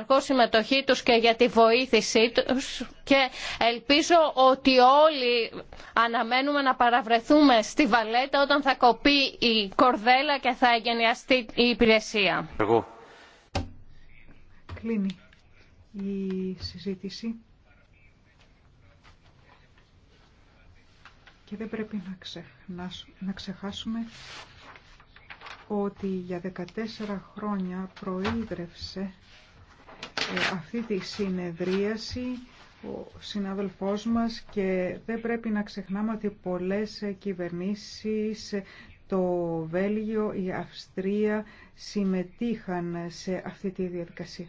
ενεργό συμμετοχή τους και για τη βοήθησή τους και ελπίζω ότι όλοι αναμένουμε να παραβρεθούμε στη Βαλέτα όταν θα κοπεί η κορδέλα και θα εγγενιαστεί η υπηρεσία. Εγώ. Κλείνει η συζήτηση. Και δεν πρέπει να, να ξεχάσουμε ότι για 14 χρόνια προείδρευσε ε, αυτή τη συνεδρίαση ο συνάδελφός μας και δεν πρέπει να ξεχνάμε ότι πολλές κυβερνήσεις το Βέλγιο, η Αυστρία συμμετείχαν σε αυτή τη διαδικασία.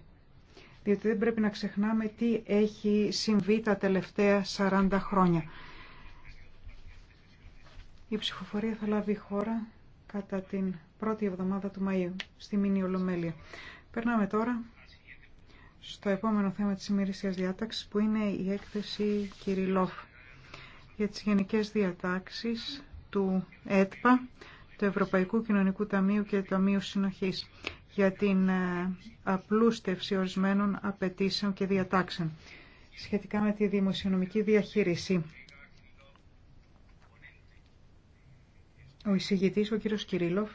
Διότι δεν πρέπει να ξεχνάμε τι έχει συμβεί τα τελευταία 40 χρόνια. Η ψηφοφορία θα λάβει χώρα κατά την πρώτη εβδομάδα του Μαΐου στη Μήνη Ολομέλεια. Περνάμε τώρα στο επόμενο θέμα της ημερησίας διάταξης που είναι η έκθεση Κυριλόφ για τις γενικές διατάξεις του ΕΤΠΑ, του Ευρωπαϊκού Κοινωνικού Ταμείου και Ταμείου Συνοχής για την ε, απλούστευση ορισμένων απαιτήσεων και διατάξεων σχετικά με τη δημοσιονομική διαχείριση. Ο εισηγητής, ο κύριος Κυρίλοφ,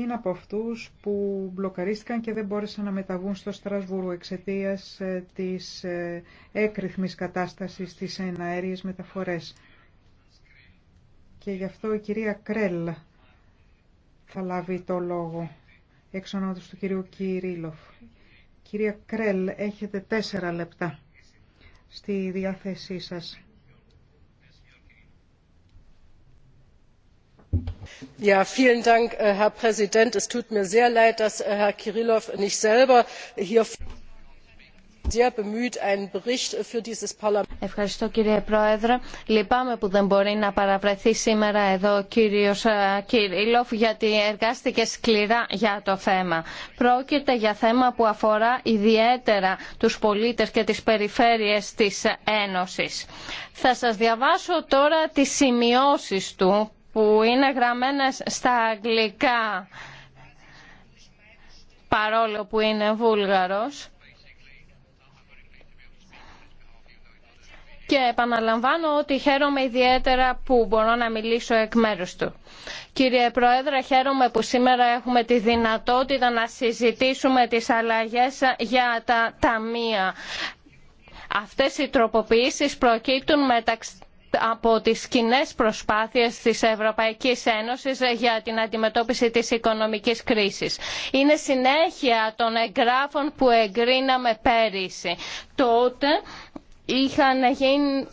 είναι από αυτούς που μπλοκαρίστηκαν και δεν μπόρεσαν να μεταβούν στο Στρασβούργο εξαιτίας ε, της ε, έκρηθμης κατάστασης της εναέριες μεταφορές. Και γι' αυτό η κυρία Κρέλ θα λάβει το λόγο εξ του κυρίου Κυρίλοφ. Κυρία Κρέλ, έχετε τέσσερα λεπτά στη διάθεσή σας. ευχαριστώ κύριε πρόεδρε. λυπάμαι που δεν μπορεί να παραβρεθεί σήμερα εδώ ο κύριος ε, κυρίλοφ γιατί εργάστηκε σκληρά για το θέμα. πρόκειται για θέμα που αφορά ιδιαίτερα τους πολίτες και τις περιφέρειες της ένωσης. θα σας διαβάσω τώρα τις σημειώσεις του που είναι γραμμένες στα αγγλικά παρόλο που είναι βούλγαρος. Και επαναλαμβάνω ότι χαίρομαι ιδιαίτερα που μπορώ να μιλήσω εκ μέρους του. Κύριε Πρόεδρε, χαίρομαι που σήμερα έχουμε τη δυνατότητα να συζητήσουμε τις αλλαγές για τα ταμεία. Αυτές οι τροποποιήσεις προκύπτουν μεταξύ από τις κοινέ προσπάθειες της Ευρωπαϊκής Ένωσης για την αντιμετώπιση της οικονομικής κρίσης. Είναι συνέχεια των εγγράφων που εγκρίναμε πέρυσι. Τότε είχαν γίνει...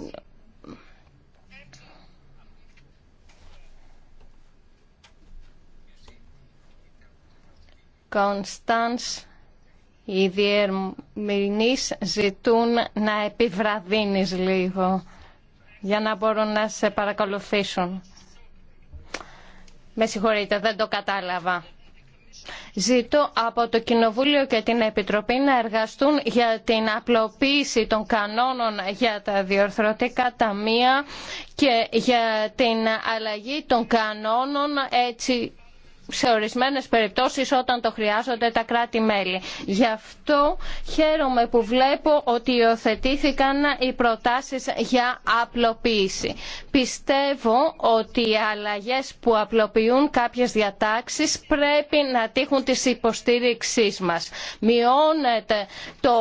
Κωνσταντς, οι διερμηνείς ζητούν να επιβραδύνεις λίγο για να μπορούν να σε παρακολουθήσουν. Με συγχωρείτε, δεν το κατάλαβα. Ζητώ από το Κοινοβούλιο και την Επιτροπή να εργαστούν για την απλοποίηση των κανόνων για τα διορθωτικά ταμεία και για την αλλαγή των κανόνων έτσι σε ορισμένες περιπτώσεις όταν το χρειάζονται τα κράτη-μέλη. Γι' αυτό χαίρομαι που βλέπω ότι υιοθετήθηκαν οι προτάσεις για απλοποίηση. Πιστεύω ότι οι αλλαγές που απλοποιούν κάποιες διατάξεις πρέπει να τύχουν της υποστήριξής μας. Μειώνεται το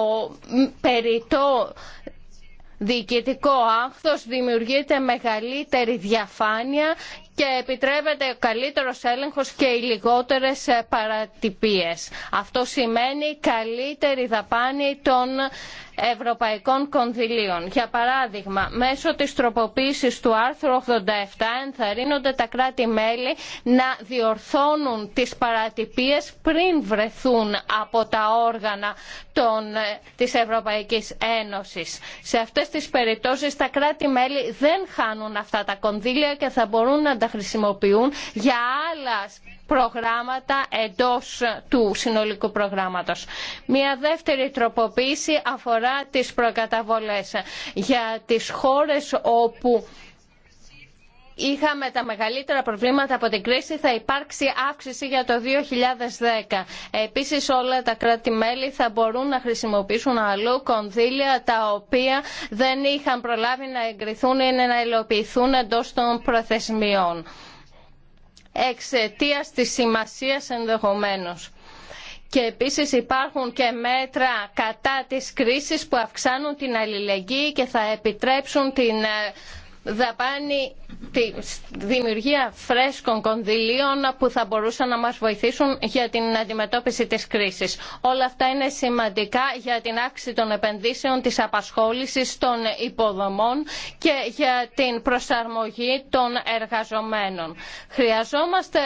περιττό διοικητικό άγχος δημιουργείται μεγαλύτερη διαφάνεια και επιτρέπεται ο καλύτερος έλεγχος και οι λιγότερες ε, παρατυπίες. Αυτό σημαίνει καλύτερη δαπάνη των ευρωπαϊκών κονδυλίων. Για παράδειγμα, μέσω της τροποποίησης του άρθρου 87 ενθαρρύνονται τα κράτη-μέλη να διορθώνουν τις παρατυπίες πριν βρεθούν από τα όργανα των, ε, της Ευρωπαϊκής Ένωσης. Σε αυτές τις περιπτώσεις τα κράτη-μέλη δεν χάνουν αυτά τα κονδύλια και θα μπορούν να τα χρησιμοποιούν για άλλα προγράμματα εντός του συνολικού προγράμματος. Μια δεύτερη τροποποίηση αφορά τις προκαταβολές για τις χώρες όπου είχαμε τα μεγαλύτερα προβλήματα από την κρίση θα υπάρξει αύξηση για το 2010. Επίσης όλα τα κράτη-μέλη θα μπορούν να χρησιμοποιήσουν αλλού κονδύλια τα οποία δεν είχαν προλάβει να εγκριθούν ή να υλοποιηθούν εντός των προθεσμιών. Εξαιτία της σημασίας ενδεχομένως. Και επίσης υπάρχουν και μέτρα κατά της κρίσης που αυξάνουν την αλληλεγγύη και θα επιτρέψουν την ε, δαπάνη τη δημιουργία φρέσκων κονδυλίων που θα μπορούσαν να μας βοηθήσουν για την αντιμετώπιση της κρίσης. Όλα αυτά είναι σημαντικά για την αύξηση των επενδύσεων, της απασχόλησης των υποδομών και για την προσαρμογή των εργαζομένων. Χρειαζόμαστε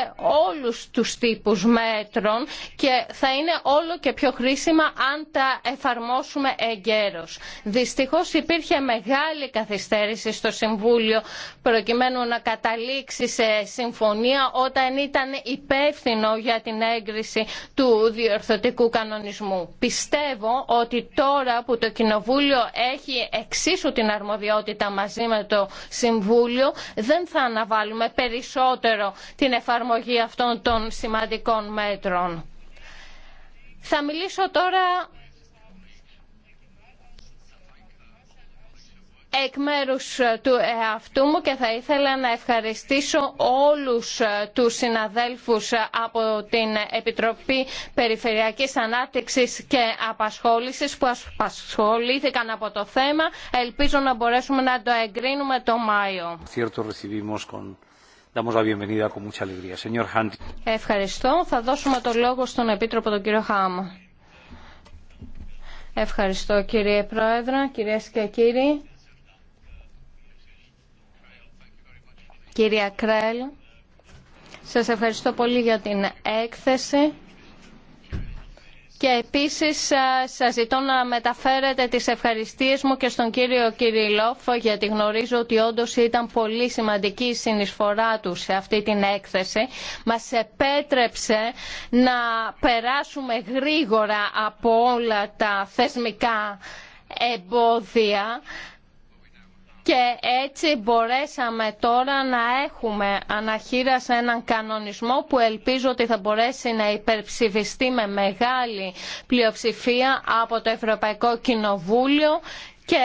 όλους τους τύπους μέτρων και θα είναι όλο και πιο χρήσιμα αν τα εφαρμόσουμε εγκαίρως. Δυστυχώς υπήρχε μεγάλη καθυστέρηση στο Συμβούλιο προκειμένου προκειμένου να καταλήξει σε συμφωνία όταν ήταν υπεύθυνο για την έγκριση του διορθωτικού κανονισμού. Πιστεύω ότι τώρα που το Κοινοβούλιο έχει εξίσου την αρμοδιότητα μαζί με το Συμβούλιο δεν θα αναβάλουμε περισσότερο την εφαρμογή αυτών των σημαντικών μέτρων. Θα μιλήσω τώρα εκ μέρους ε, του εαυτού μου και θα ήθελα να ευχαριστήσω όλους ε, τους συναδέλφους ε, από την Επιτροπή Περιφερειακής Ανάπτυξης και Απασχόλησης που ασχολήθηκαν από το θέμα. Ελπίζω να μπορέσουμε να το εγκρίνουμε το Μάιο. Ευχαριστώ. Θα δώσουμε το λόγο στον Επίτροπο τον κύριο Χάμα. Ευχαριστώ κύριε Πρόεδρε, κυρίες και κύριοι. Κυρία Κρέλ, σας ευχαριστώ πολύ για την έκθεση και επίσης σας ζητώ να μεταφέρετε τις ευχαριστίες μου και στον κύριο Κυριλόφ γιατί γνωρίζω ότι όντως ήταν πολύ σημαντική η συνεισφορά του σε αυτή την έκθεση. Μας επέτρεψε να περάσουμε γρήγορα από όλα τα θεσμικά εμπόδια και έτσι μπορέσαμε τώρα να έχουμε σε έναν κανονισμό που ελπίζω ότι θα μπορέσει να υπερψηφιστεί με μεγάλη πλειοψηφία από το Ευρωπαϊκό Κοινοβούλιο και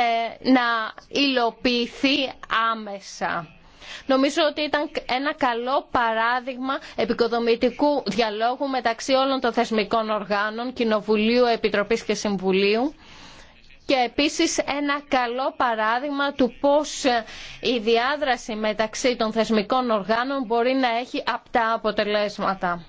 να υλοποιηθεί άμεσα. Νομίζω ότι ήταν ένα καλό παράδειγμα επικοδομητικού διαλόγου μεταξύ όλων των θεσμικών οργάνων, Κοινοβουλίου, Επιτροπής και Συμβουλίου και επίσης ένα καλό παράδειγμα του πώς η διάδραση μεταξύ των θεσμικών οργάνων μπορεί να έχει απτά αποτελέσματα.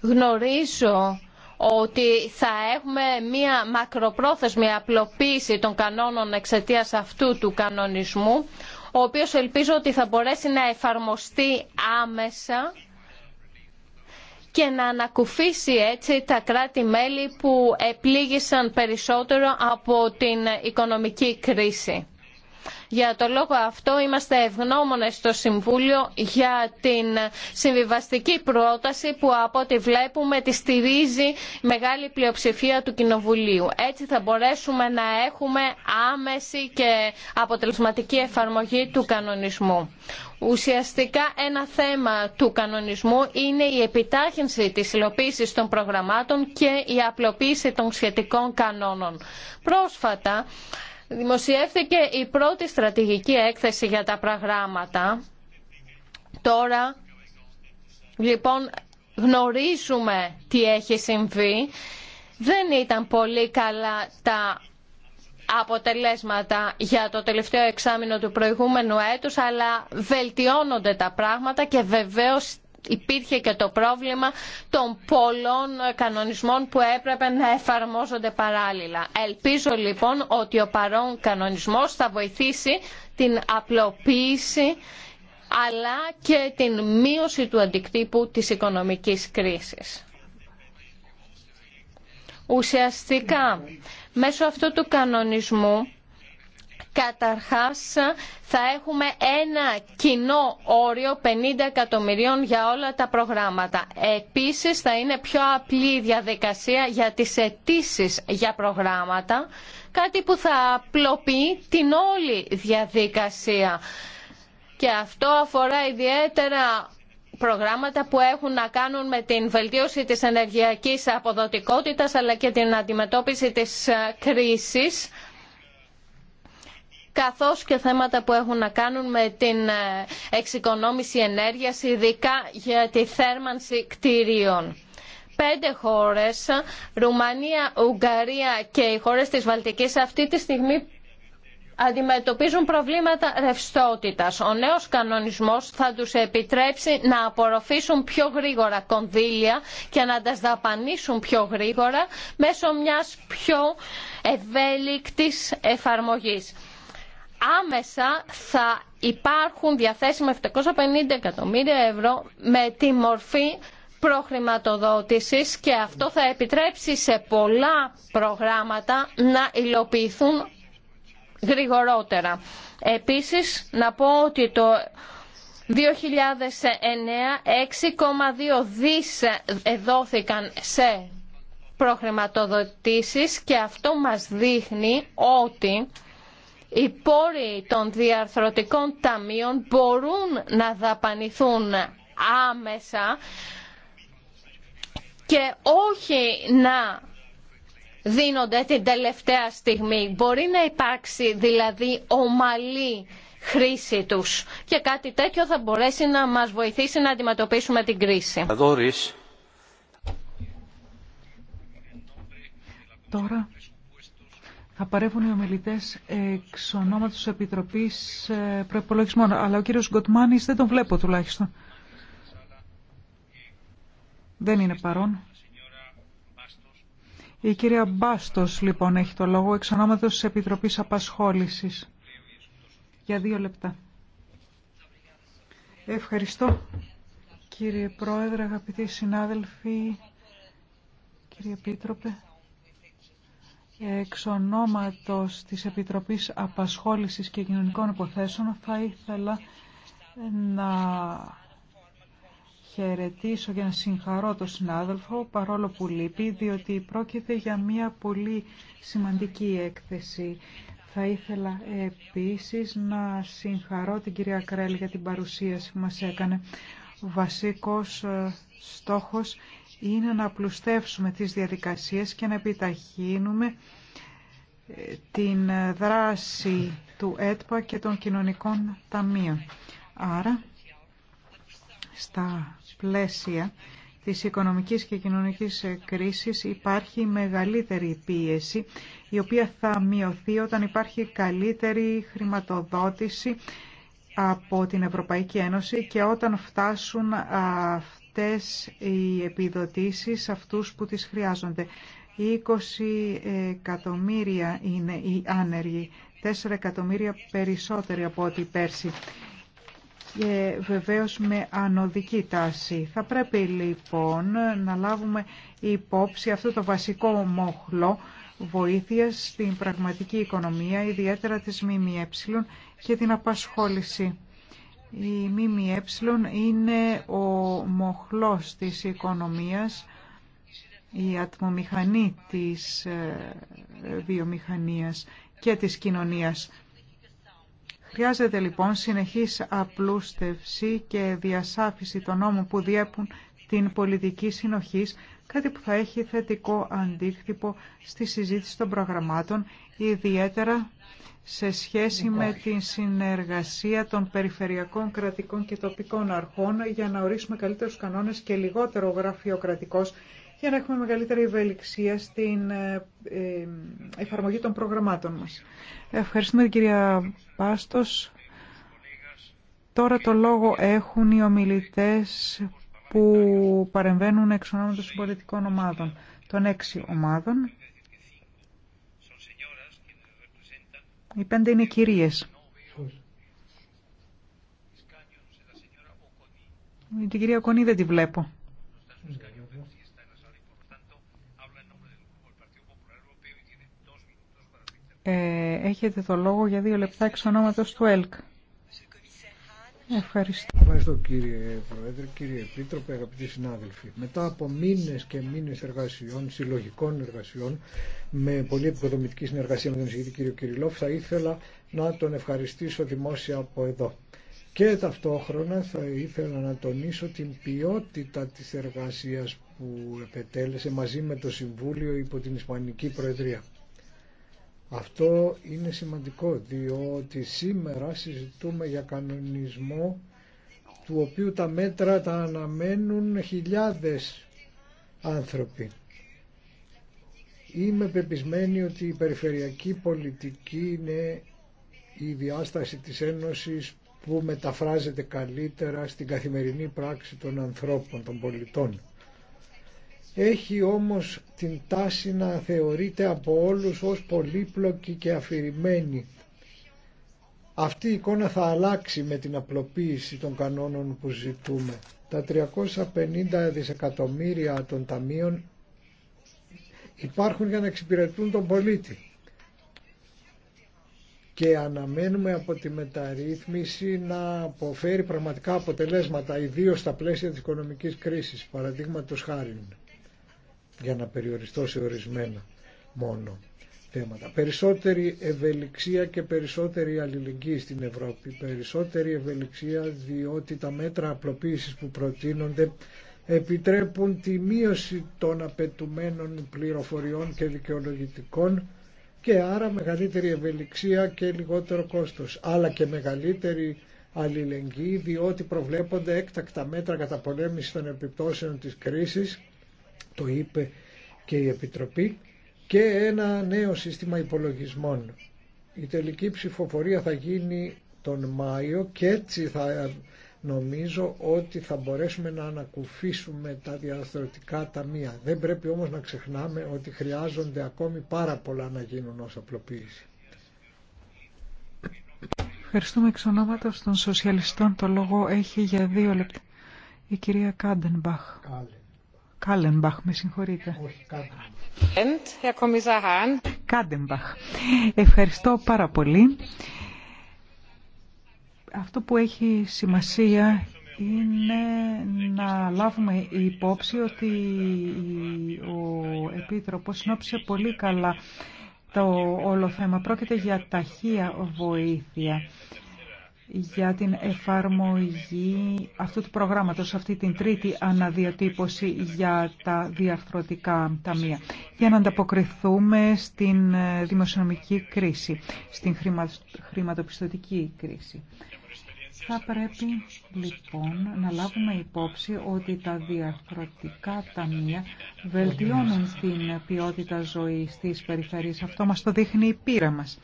Γνωρίζω ότι θα έχουμε μία μακροπρόθεσμη απλοποίηση των κανόνων εξαιτίας αυτού του κανονισμού, ο οποίος ελπίζω ότι θα μπορέσει να εφαρμοστεί άμεσα και να ανακουφίσει έτσι τα κράτη-μέλη που επλήγησαν περισσότερο από την οικονομική κρίση. Για το λόγο αυτό είμαστε ευγνώμονες στο Συμβούλιο για την συμβιβαστική πρόταση που από ό,τι βλέπουμε τη στηρίζει μεγάλη πλειοψηφία του Κοινοβουλίου. Έτσι θα μπορέσουμε να έχουμε άμεση και αποτελεσματική εφαρμογή του κανονισμού. Ουσιαστικά ένα θέμα του κανονισμού είναι η επιτάχυνση της υλοποίησης των προγραμμάτων και η απλοποίηση των σχετικών κανόνων. Πρόσφατα Δημοσιεύθηκε η πρώτη στρατηγική έκθεση για τα προγράμματα. Τώρα, λοιπόν, γνωρίζουμε τι έχει συμβεί. Δεν ήταν πολύ καλά τα αποτελέσματα για το τελευταίο εξάμεινο του προηγούμενου έτους, αλλά βελτιώνονται τα πράγματα και βεβαίως υπήρχε και το πρόβλημα των πολλών κανονισμών που έπρεπε να εφαρμόζονται παράλληλα. Ελπίζω λοιπόν ότι ο παρόν κανονισμός θα βοηθήσει την απλοποίηση αλλά και την μείωση του αντικτύπου της οικονομικής κρίσης. Ουσιαστικά, μέσω αυτού του κανονισμού Καταρχάς θα έχουμε ένα κοινό όριο 50 εκατομμυρίων για όλα τα προγράμματα. Επίσης θα είναι πιο απλή η διαδικασία για τις αιτήσει για προγράμματα, κάτι που θα απλοποιεί την όλη διαδικασία. Και αυτό αφορά ιδιαίτερα προγράμματα που έχουν να κάνουν με την βελτίωση της ενεργειακής αποδοτικότητας αλλά και την αντιμετώπιση της κρίσης καθώς και θέματα που έχουν να κάνουν με την ε, εξοικονόμηση ενέργειας, ειδικά για τη θέρμανση κτηρίων. Πέντε χώρες, Ρουμανία, Ουγγαρία και οι χώρες της Βαλτικής αυτή τη στιγμή αντιμετωπίζουν προβλήματα ρευστότητας. Ο νέος κανονισμός θα τους επιτρέψει να απορροφήσουν πιο γρήγορα κονδύλια και να τα δαπανίσουν πιο γρήγορα μέσω μιας πιο ευέλικτης εφαρμογής άμεσα θα υπάρχουν διαθέσιμα 750 εκατομμύρια ευρώ με τη μορφή προχρηματοδότησης και αυτό θα επιτρέψει σε πολλά προγράμματα να υλοποιηθούν γρηγορότερα. Επίσης, να πω ότι το 2009 6,2 δις δόθηκαν σε προχρηματοδοτήσεις και αυτό μας δείχνει ότι οι πόροι των διαρθρωτικών ταμείων μπορούν να δαπανηθούν άμεσα και όχι να δίνονται την τελευταία στιγμή. Μπορεί να υπάρξει δηλαδή ομαλή χρήση τους και κάτι τέτοιο θα μπορέσει να μας βοηθήσει να αντιμετωπίσουμε την κρίση. Τώρα, θα παρεύουν οι ομιλητέ εξ ονόματο της Επιτροπής ε, αλλά ο κύριος Γκοτμάνη δεν τον βλέπω τουλάχιστον. Δεν είναι παρόν. Η κυρία Μπάστος λοιπόν έχει το λόγο εξ ονόματος της Επιτροπής Απασχόλησης. Για δύο λεπτά. Ευχαριστώ κύριε Πρόεδρε, αγαπητοί συνάδελφοι, κύριε Επίτροπε. Και εξ ονόματος της Επιτροπής Απασχόλησης και Κοινωνικών Υποθέσεων θα ήθελα να χαιρετήσω και να συγχαρώ τον συνάδελφο παρόλο που λείπει διότι πρόκειται για μια πολύ σημαντική έκθεση. Θα ήθελα επίσης να συγχαρώ την κυρία Κρέλη για την παρουσίαση που μας έκανε. Ο βασικός ε, στόχος είναι να απλουστεύσουμε τις διαδικασίες και να επιταχύνουμε ε, την δράση του ΕΤΠΑ και των κοινωνικών ταμείων. Άρα, στα πλαίσια της οικονομικής και κοινωνικής ε, κρίσης υπάρχει μεγαλύτερη πίεση, η οποία θα μειωθεί όταν υπάρχει καλύτερη χρηματοδότηση από την Ευρωπαϊκή Ένωση και όταν φτάσουν αυτά αυτές οι επιδοτήσεις αυτούς που τις χρειάζονται. 20 εκατομμύρια είναι οι άνεργοι, 4 εκατομμύρια περισσότεροι από ό,τι πέρσι και βεβαίως με ανωδική τάση. Θα πρέπει λοιπόν να λάβουμε υπόψη αυτό το βασικό μοχλό βοήθειας στην πραγματική οικονομία, ιδιαίτερα της ΜΜΕ και την απασχόληση. Η ΜΜΕ είναι ο μοχλός της οικονομίας, η ατμομηχανή της ε, βιομηχανίας και της κοινωνίας. Χρειάζεται λοιπόν συνεχής απλούστευση και διασάφιση των νόμων που διέπουν την πολιτική συνοχής, κάτι που θα έχει θετικό αντίκτυπο στη συζήτηση των προγραμμάτων, ιδιαίτερα σε σχέση με την συνεργασία των περιφερειακών κρατικών και τοπικών αρχών για να ορίσουμε καλύτερους κανόνες και λιγότερο γραφειοκρατικός για να έχουμε μεγαλύτερη ευελιξία στην ε, ε, εφαρμογή των προγραμμάτων μας. Ευχαριστούμε την κυρία Πάστος. Τώρα το λόγο έχουν οι ομιλητές που παρεμβαίνουν εξ ονόματος των πολιτικών ομάδων, των έξι ομάδων. Οι πέντε είναι κυρίες. Την κυρία Κονή δεν τη βλέπω. Ε, έχετε το λόγο για δύο λεπτά εξ ονόματος του ΕΛΚ. Ευχαριστώ. Ευχαριστώ κύριε Πρόεδρε, κύριε Επίτροπε, αγαπητοί συνάδελφοι. Μετά από μήνε και μήνε εργασιών, συλλογικών εργασιών, με πολύ επικοδομητική συνεργασία με τον εισηγητή κύριο Κυριλόφ, θα ήθελα να τον ευχαριστήσω δημόσια από εδώ. Και ταυτόχρονα θα ήθελα να τονίσω την ποιότητα της εργασίας που επετέλεσε μαζί με το Συμβούλιο υπό την Ισπανική Προεδρία. Αυτό είναι σημαντικό διότι σήμερα συζητούμε για κανονισμό του οποίου τα μέτρα τα αναμένουν χιλιάδες άνθρωποι. Είμαι πεπισμένη ότι η περιφερειακή πολιτική είναι η διάσταση της Ένωσης που μεταφράζεται καλύτερα στην καθημερινή πράξη των ανθρώπων, των πολιτών. Έχει όμως την τάση να θεωρείται από όλους ως πολύπλοκη και αφηρημένη. Αυτή η εικόνα θα αλλάξει με την απλοποίηση των κανόνων που ζητούμε. Τα 350 δισεκατομμύρια των ταμείων υπάρχουν για να εξυπηρετούν τον πολίτη. Και αναμένουμε από τη μεταρρύθμιση να αποφέρει πραγματικά αποτελέσματα, ιδίως στα πλαίσια της οικονομικής κρίσης, παραδείγματος χάρη για να περιοριστώ σε ορισμένα μόνο θέματα. Περισσότερη ευελιξία και περισσότερη αλληλεγγύη στην Ευρώπη. Περισσότερη ευελιξία διότι τα μέτρα απλοποίησης που προτείνονται επιτρέπουν τη μείωση των απαιτουμένων πληροφοριών και δικαιολογητικών και άρα μεγαλύτερη ευελιξία και λιγότερο κόστος, αλλά και μεγαλύτερη αλληλεγγύη διότι προβλέπονται έκτακτα μέτρα κατά πολέμηση των επιπτώσεων της κρίσης το είπε και η Επιτροπή και ένα νέο σύστημα υπολογισμών. Η τελική ψηφοφορία θα γίνει τον Μάιο και έτσι θα νομίζω ότι θα μπορέσουμε να ανακουφίσουμε τα διαστροτικά ταμεία. Δεν πρέπει όμως να ξεχνάμε ότι χρειάζονται ακόμη πάρα πολλά να γίνουν ως απλοποίηση. Ευχαριστούμε εξ των σοσιαλιστών. Το λόγο έχει για δύο λεπτά η κυρία Κάντενμπαχ. Κάλενμπαχ, με συγχωρείτε. Κάντεμπαχ. Ευχαριστώ πάρα πολύ. Αυτό που έχει σημασία είναι να λάβουμε υπόψη ότι ο Επίτροπος συνόψε πολύ καλά το όλο θέμα. Πρόκειται για ταχεία βοήθεια για την εφαρμογή αυτού του προγράμματος, αυτή την τρίτη αναδιατύπωση για τα διαρθρωτικά ταμεία, για να ανταποκριθούμε στην ε, δημοσιονομική κρίση, στην χρηματοπιστωτική κρίση. Θα πρέπει λοιπόν να λάβουμε υπόψη ότι τα διαρθρωτικά ταμεία βελτιώνουν την ποιότητα ζωής της περιφέρειας. Αυτό μας το δείχνει η πείρα μας.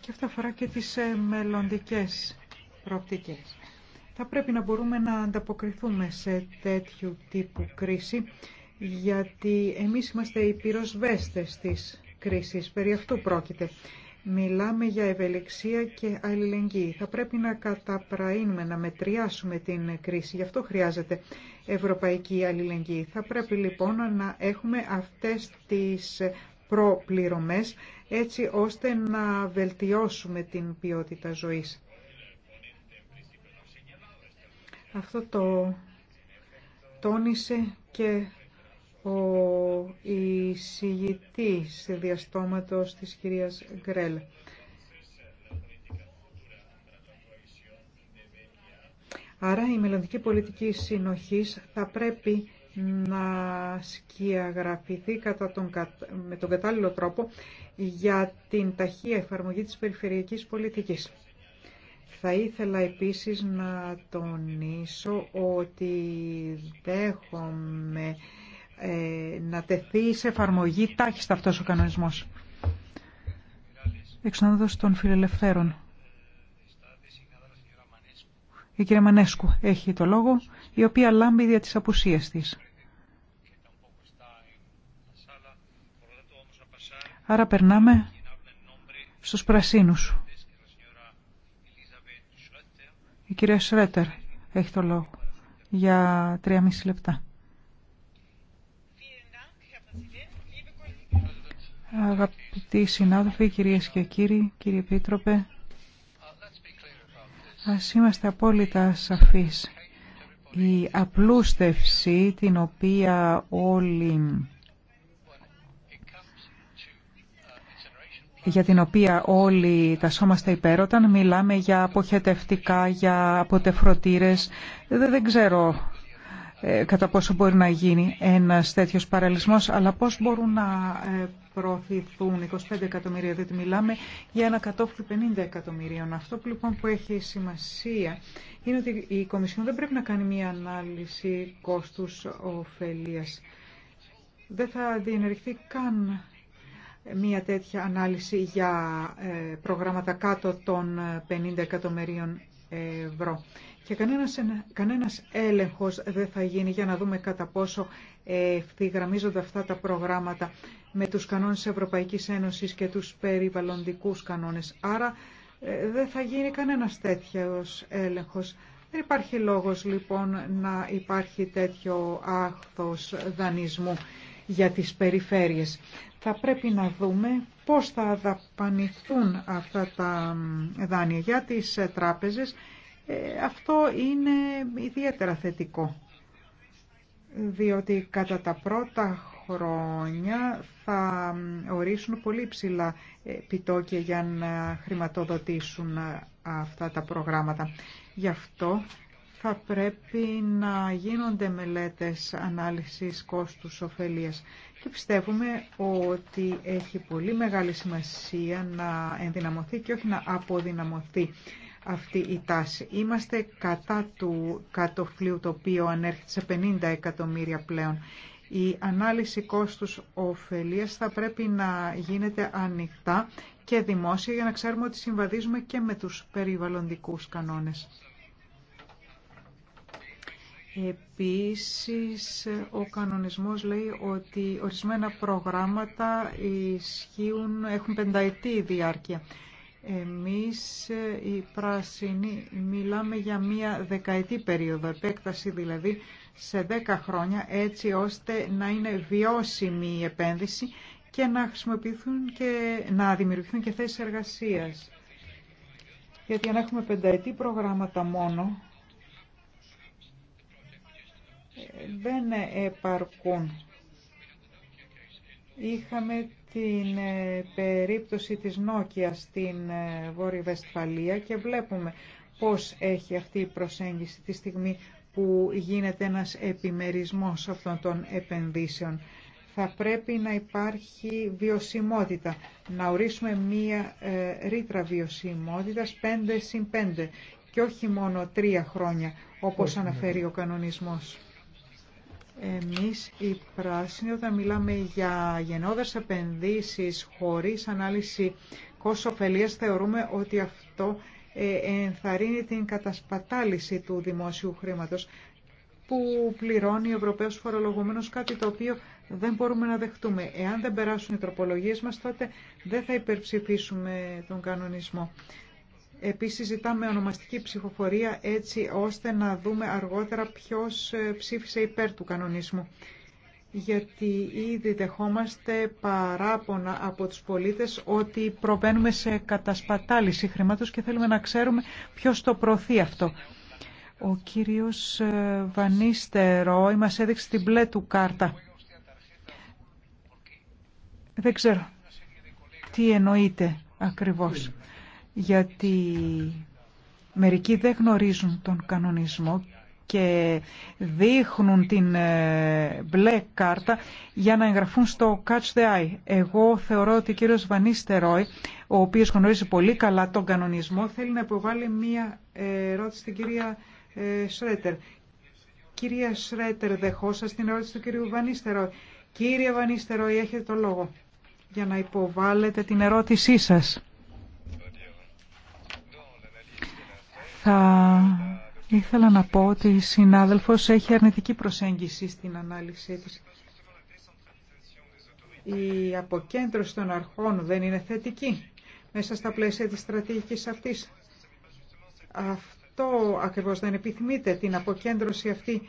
Και αυτό αφορά και τις ε, μελλοντικές προοπτικές. Θα πρέπει να μπορούμε να ανταποκριθούμε σε τέτοιου τύπου κρίση, γιατί εμείς είμαστε οι πυροσβέστες της κρίσης. Περί αυτού πρόκειται. Μιλάμε για ευελιξία και αλληλεγγύη. Θα πρέπει να καταπραίνουμε, να μετριάσουμε την κρίση. Γι' αυτό χρειάζεται ευρωπαϊκή αλληλεγγύη. Θα πρέπει λοιπόν να έχουμε αυτές τις προπληρωμές έτσι ώστε να βελτιώσουμε την ποιότητα ζωής. Αυτό το τόνισε και ο εισηγητής διαστόματος της κυρίας Γκρέλ. Άρα η μελλοντική πολιτική συνοχής θα πρέπει να σκιαγραφηθεί κατά τον, με τον κατάλληλο τρόπο για την ταχεία εφαρμογή της περιφερειακής πολιτικής. Θα ήθελα επίσης να τονίσω ότι δέχομαι ε, να τεθεί σε εφαρμογή τάχιστα αυτός ο κανονισμός. Εξονόδος των φιλελευθέρων. Η κυρία Μανέσκου έχει το λόγο, η οποία λάμπει δια της απουσίας της. Άρα περνάμε στους πρασίνους. Η κυρία Σρέτερ έχει το λόγο για τρία μισή λεπτά. Αγαπητοί συνάδελφοι, κυρίες και κύριοι, κύριε Επίτροπε, ας είμαστε απόλυτα σαφείς. Η απλούστευση την οποία όλοι για την οποία όλοι τα υπέρ όταν μιλάμε για αποχετευτικά, για αποτεφρωτήρες. Δεν ξέρω ε, κατά πόσο μπορεί να γίνει ένας τέτοιος παραλυσμός, αλλά πώς μπορούν να ε, προωθηθούν 25 εκατομμύρια, διότι μιλάμε για ένα κατόφλι 50 εκατομμυρίων. Αυτό που λοιπόν που έχει σημασία είναι ότι η Κομισιόν δεν πρέπει να κάνει μια ανάλυση κόστους ωφελίας. Δεν θα διενεργηθεί καν μία τέτοια ανάλυση για ε, προγράμματα κάτω των 50 ε, εκατομμυρίων ευρώ. Και κανένας, ε, κανένας έλεγχος δεν θα γίνει για να δούμε κατά πόσο ευθυγραμμίζονται αυτά τα προγράμματα με τους κανόνες της Ευρωπαϊκής Ένωσης και τους περιβαλλοντικούς κανόνες. Άρα δεν θα γίνει κανένας τέτοιος έλεγχος. Δεν υπάρχει λόγος λοιπόν να υπάρχει τέτοιο άχθος δανεισμού για τις περιφέρειες. Θα πρέπει να δούμε πώς θα δαπανηθούν αυτά τα δάνεια για τις ε, τράπεζες. Ε, αυτό είναι ιδιαίτερα θετικό, διότι κατά τα πρώτα χρόνια θα ορίσουν πολύ ψηλά ε, επιτόκια για να χρηματοδοτήσουν αυτά τα προγράμματα. Γι' αυτό θα πρέπει να γίνονται μελέτες ανάλυσης κόστους ωφελίας και πιστεύουμε ότι έχει πολύ μεγάλη σημασία να ενδυναμωθεί και όχι να αποδυναμωθεί αυτή η τάση. Είμαστε κατά του κατοφλίου το οποίο ανέρχεται σε 50 εκατομμύρια πλέον. Η ανάλυση κόστους ωφελίας θα πρέπει να γίνεται ανοιχτά και δημόσια για να ξέρουμε ότι συμβαδίζουμε και με τους περιβαλλοντικούς κανόνες. Επίσης, ο κανονισμός λέει ότι ορισμένα προγράμματα ισχύουν, έχουν πενταετή διάρκεια. Εμείς οι πράσινοι μιλάμε για μία δεκαετή περίοδο, επέκταση δηλαδή σε δέκα χρόνια, έτσι ώστε να είναι βιώσιμη η επένδυση και να χρησιμοποιηθούν και να δημιουργηθούν και θέσεις εργασίας. Γιατί αν έχουμε πενταετή προγράμματα μόνο, δεν επαρκούν. Είχαμε την ε, περίπτωση της Νόκια στην ε, Βόρεια Βεσφαλία και βλέπουμε πώς έχει αυτή η προσέγγιση τη στιγμή που γίνεται ένας επιμερισμός αυτών των επενδύσεων. Θα πρέπει να υπάρχει βιωσιμότητα, να ορίσουμε μία ε, ρήτρα βιωσιμότητας 5 συν 5 και όχι μόνο τρία χρόνια όπως ναι. αναφέρει ο κανονισμός. Εμείς οι πράσινοι όταν μιλάμε για γενόδες επενδύσεις χωρίς ανάλυση κόσοφελίας θεωρούμε ότι αυτό ε, ενθαρρύνει την κατασπατάληση του δημόσιου χρήματος που πληρώνει ο Ευρωπαίος φορολογούμενος κάτι το οποίο δεν μπορούμε να δεχτούμε. Εάν δεν περάσουν οι τροπολογίες μας τότε δεν θα υπερψηφίσουμε τον κανονισμό. Επίσης ζητάμε ονομαστική ψηφοφορία έτσι ώστε να δούμε αργότερα ποιος ε, ψήφισε υπέρ του κανονισμού. Γιατί ήδη δεχόμαστε παράπονα από τους πολίτες ότι προβαίνουμε σε κατασπατάληση χρημάτων και θέλουμε να ξέρουμε ποιος το προωθεί αυτό. Ο κύριος ε, Βανίστερο μας έδειξε την μπλε του κάρτα. Δεν ξέρω τι εννοείται ακριβώς γιατί μερικοί δεν γνωρίζουν τον κανονισμό και δείχνουν την ε, μπλε κάρτα για να εγγραφούν στο Catch the Eye. Εγώ θεωρώ ότι ο κύριος Βανίστερόι, ο οποίος γνωρίζει πολύ καλά τον κανονισμό, θέλει να υποβάλει μία ερώτηση στην κυρία ε, Σρέτερ. Κυρία Σρέτερ, δεχόσα την ερώτηση του κυρίου Βανίστερόι. Κύριε Βανίστερόι, έχετε το λόγο για να υποβάλλετε την ερώτησή σας. Θα ήθελα να πω ότι η συνάδελφος έχει αρνητική προσέγγιση στην ανάλυση της. Η αποκέντρωση των αρχών δεν είναι θετική μέσα στα πλαίσια της στρατηγικής αυτής. Αυτό ακριβώς δεν επιθυμείτε, την αποκέντρωση αυτή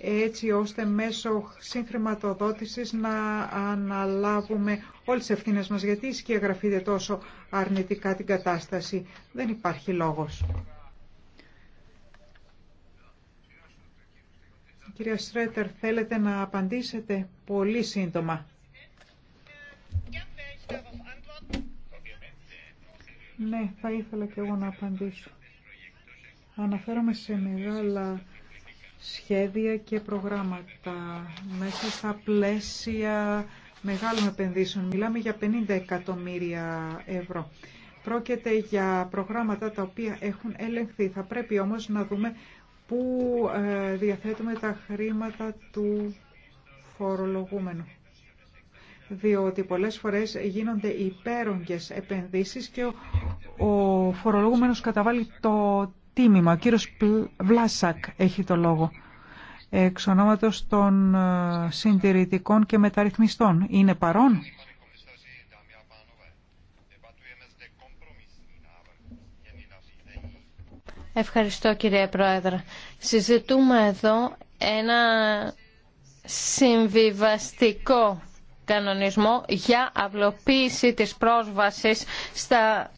έτσι ώστε μέσω συγχρηματοδότησης να αναλάβουμε όλες τις ευθύνες μας. Γιατί σκιαγραφείτε τόσο αρνητικά την κατάσταση. Δεν υπάρχει λόγος. Κυρία Στρέτερ, θέλετε να απαντήσετε πολύ σύντομα. Ναι, θα ήθελα και εγώ να απαντήσω. Αναφέρομαι σε μεγάλα σχέδια και προγράμματα μέσα στα πλαίσια μεγάλων επενδύσεων. Μιλάμε για 50 εκατομμύρια ευρώ. Πρόκειται για προγράμματα τα οποία έχουν ελεγχθεί. Θα πρέπει όμως να δούμε που ε, διαθέτουμε τα χρήματα του φορολογούμενου. Διότι πολλές φορές γίνονται υπέρογγες επενδύσεις και ο φορολογούμενος καταβάλει το τίμημα. Ο κύριος Βλάσακ έχει το λόγο. Εξ ονόματος των ε, συντηρητικών και μεταρρυθμιστών. Είναι παρόν. Ευχαριστώ κύριε Πρόεδρε. Συζητούμε εδώ ένα συμβιβαστικό κανονισμό για αυλοποίηση της πρόσβασης στα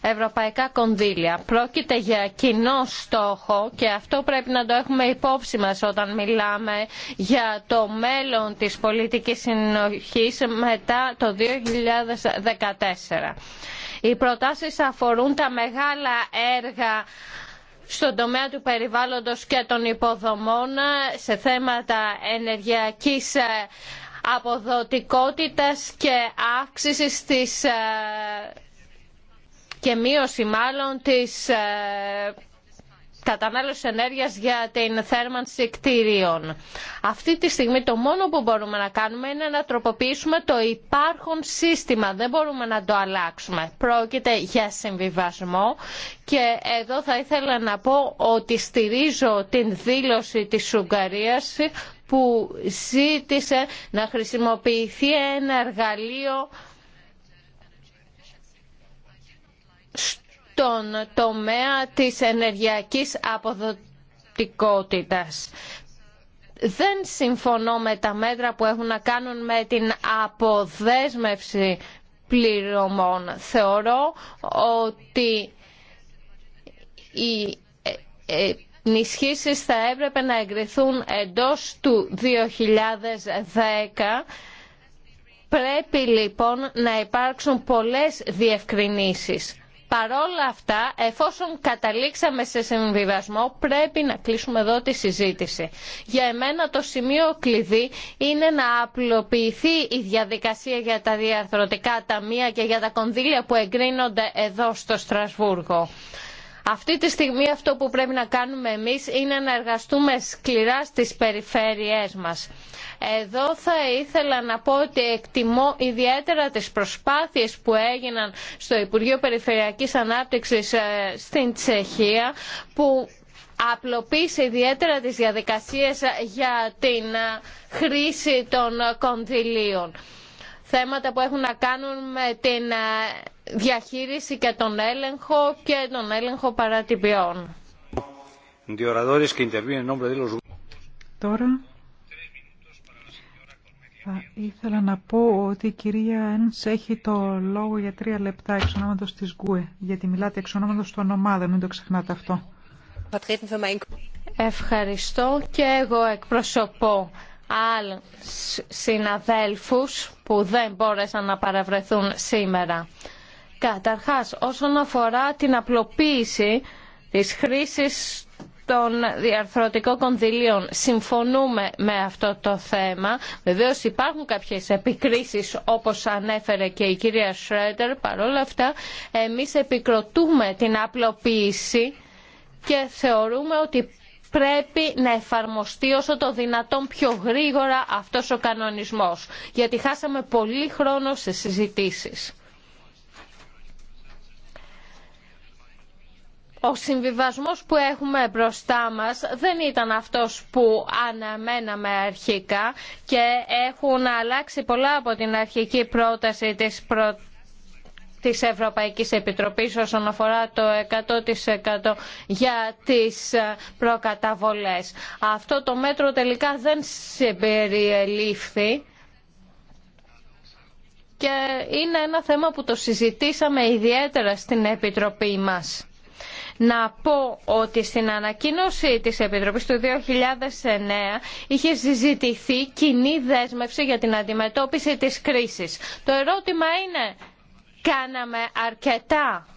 ευρωπαϊκά κονδύλια. Πρόκειται για κοινό στόχο και αυτό πρέπει να το έχουμε υπόψη μας όταν μιλάμε για το μέλλον της πολιτικής συνοχής μετά το 2014. Οι προτάσεις αφορούν τα μεγάλα έργα στον τομέα του περιβάλλοντος και των υποδομών σε θέματα ενεργειακής ε, αποδοτικότητας και αύξησης της ε, και μείωση μάλλον της ε, κατανάλωση ενέργειας για την θέρμανση κτίριων. Αυτή τη στιγμή το μόνο που μπορούμε να κάνουμε είναι να τροποποιήσουμε το υπάρχον σύστημα. Δεν μπορούμε να το αλλάξουμε. Πρόκειται για συμβιβασμό και εδώ θα ήθελα να πω ότι στηρίζω την δήλωση της Ουγγαρίας που ζήτησε να χρησιμοποιηθεί ένα εργαλείο τον τομέα της ενεργειακής αποδοτικότητας. Δεν συμφωνώ με τα μέτρα που έχουν να κάνουν με την αποδέσμευση πληρωμών. Θεωρώ ότι οι ε, ε, ενισχύσεις θα έπρεπε να εγκριθούν εντός του 2010 Πρέπει λοιπόν να υπάρξουν πολλές διευκρινήσεις. Παρόλα αυτά, εφόσον καταλήξαμε σε συμβιβασμό, πρέπει να κλείσουμε εδώ τη συζήτηση. Για εμένα το σημείο κλειδί είναι να απλοποιηθεί η διαδικασία για τα διαρθρωτικά ταμεία και για τα κονδύλια που εγκρίνονται εδώ στο Στρασβούργο. Αυτή τη στιγμή αυτό που πρέπει να κάνουμε εμείς είναι να εργαστούμε σκληρά στις περιφέρειές μας. Εδώ θα ήθελα να πω ότι εκτιμώ ιδιαίτερα τις προσπάθειες που έγιναν στο Υπουργείο Περιφερειακής Ανάπτυξης ε, στην Τσεχία που απλοποίησε ιδιαίτερα τις διαδικασίες για την ε, χρήση των κονδυλίων θέματα που έχουν να κάνουν με την ε, διαχείριση και τον έλεγχο και τον έλεγχο παρατυπιών. Τώρα θα ήθελα να πω ότι η κυρία Ένς έχει το λόγο για τρία λεπτά εξ ονόματος της ΓΚΟΕ, γιατί μιλάτε εξ ονόματος των ομάδων, μην το ξεχνάτε αυτό. Ευχαριστώ και εγώ εκπροσωπώ άλλους συναδέλφους που δεν μπόρεσαν να παραβρεθούν σήμερα. Καταρχάς, όσον αφορά την απλοποίηση της χρήσης των διαρθρωτικών κονδυλίων. Συμφωνούμε με αυτό το θέμα. Βεβαίω υπάρχουν κάποιες επικρίσεις όπως ανέφερε και η κυρία Σρέντερ. Παρ' όλα αυτά εμείς επικροτούμε την απλοποίηση και θεωρούμε ότι πρέπει να εφαρμοστεί όσο το δυνατόν πιο γρήγορα αυτός ο κανονισμός. Γιατί χάσαμε πολύ χρόνο σε συζητήσεις. ο συμβιβασμός που έχουμε μπροστά μας δεν ήταν αυτός που αναμέναμε αρχικά και έχουν αλλάξει πολλά από την αρχική πρόταση της προ... της Ευρωπαϊκής Επιτροπής όσον αφορά το 100% για τις ε, προκαταβολές. Αυτό το μέτρο τελικά δεν συμπεριελήφθη και είναι ένα θέμα που το συζητήσαμε ιδιαίτερα στην Επιτροπή μας να πω ότι στην ανακοίνωση της Επιτροπής του 2009 είχε συζητηθεί κοινή δέσμευση για την αντιμετώπιση της κρίσης. Το ερώτημα είναι, κάναμε αρκετά.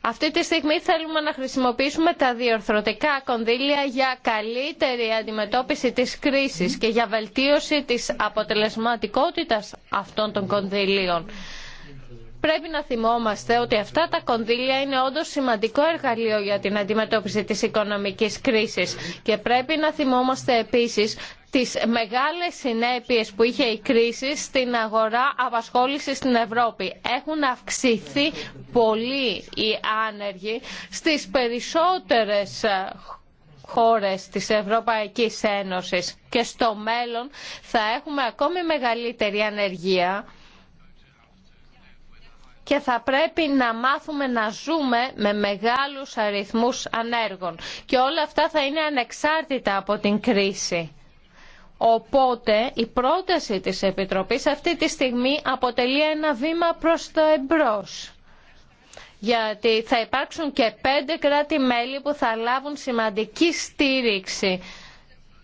Αυτή τη στιγμή θέλουμε να χρησιμοποιήσουμε τα διορθωτικά κονδύλια για καλύτερη αντιμετώπιση της κρίσης και για βελτίωση της αποτελεσματικότητας αυτών των κονδυλίων. Πρέπει να θυμόμαστε ότι αυτά τα κονδύλια είναι όντως σημαντικό εργαλείο για την αντιμετώπιση της οικονομικής κρίσης και πρέπει να θυμόμαστε επίσης τις μεγάλες συνέπειες που είχε η κρίση στην αγορά απασχόλησης στην Ευρώπη. Έχουν αυξηθεί πολύ οι άνεργοι στις περισσότερες χώρες της Ευρωπαϊκής Ένωσης και στο μέλλον θα έχουμε ακόμη μεγαλύτερη ανεργία και θα πρέπει να μάθουμε να ζούμε με μεγάλους αριθμούς ανέργων. Και όλα αυτά θα είναι ανεξάρτητα από την κρίση. Οπότε η πρόταση της Επιτροπής αυτή τη στιγμή αποτελεί ένα βήμα προς το εμπρός. Γιατί θα υπάρξουν και πέντε κράτη-μέλη που θα λάβουν σημαντική στήριξη.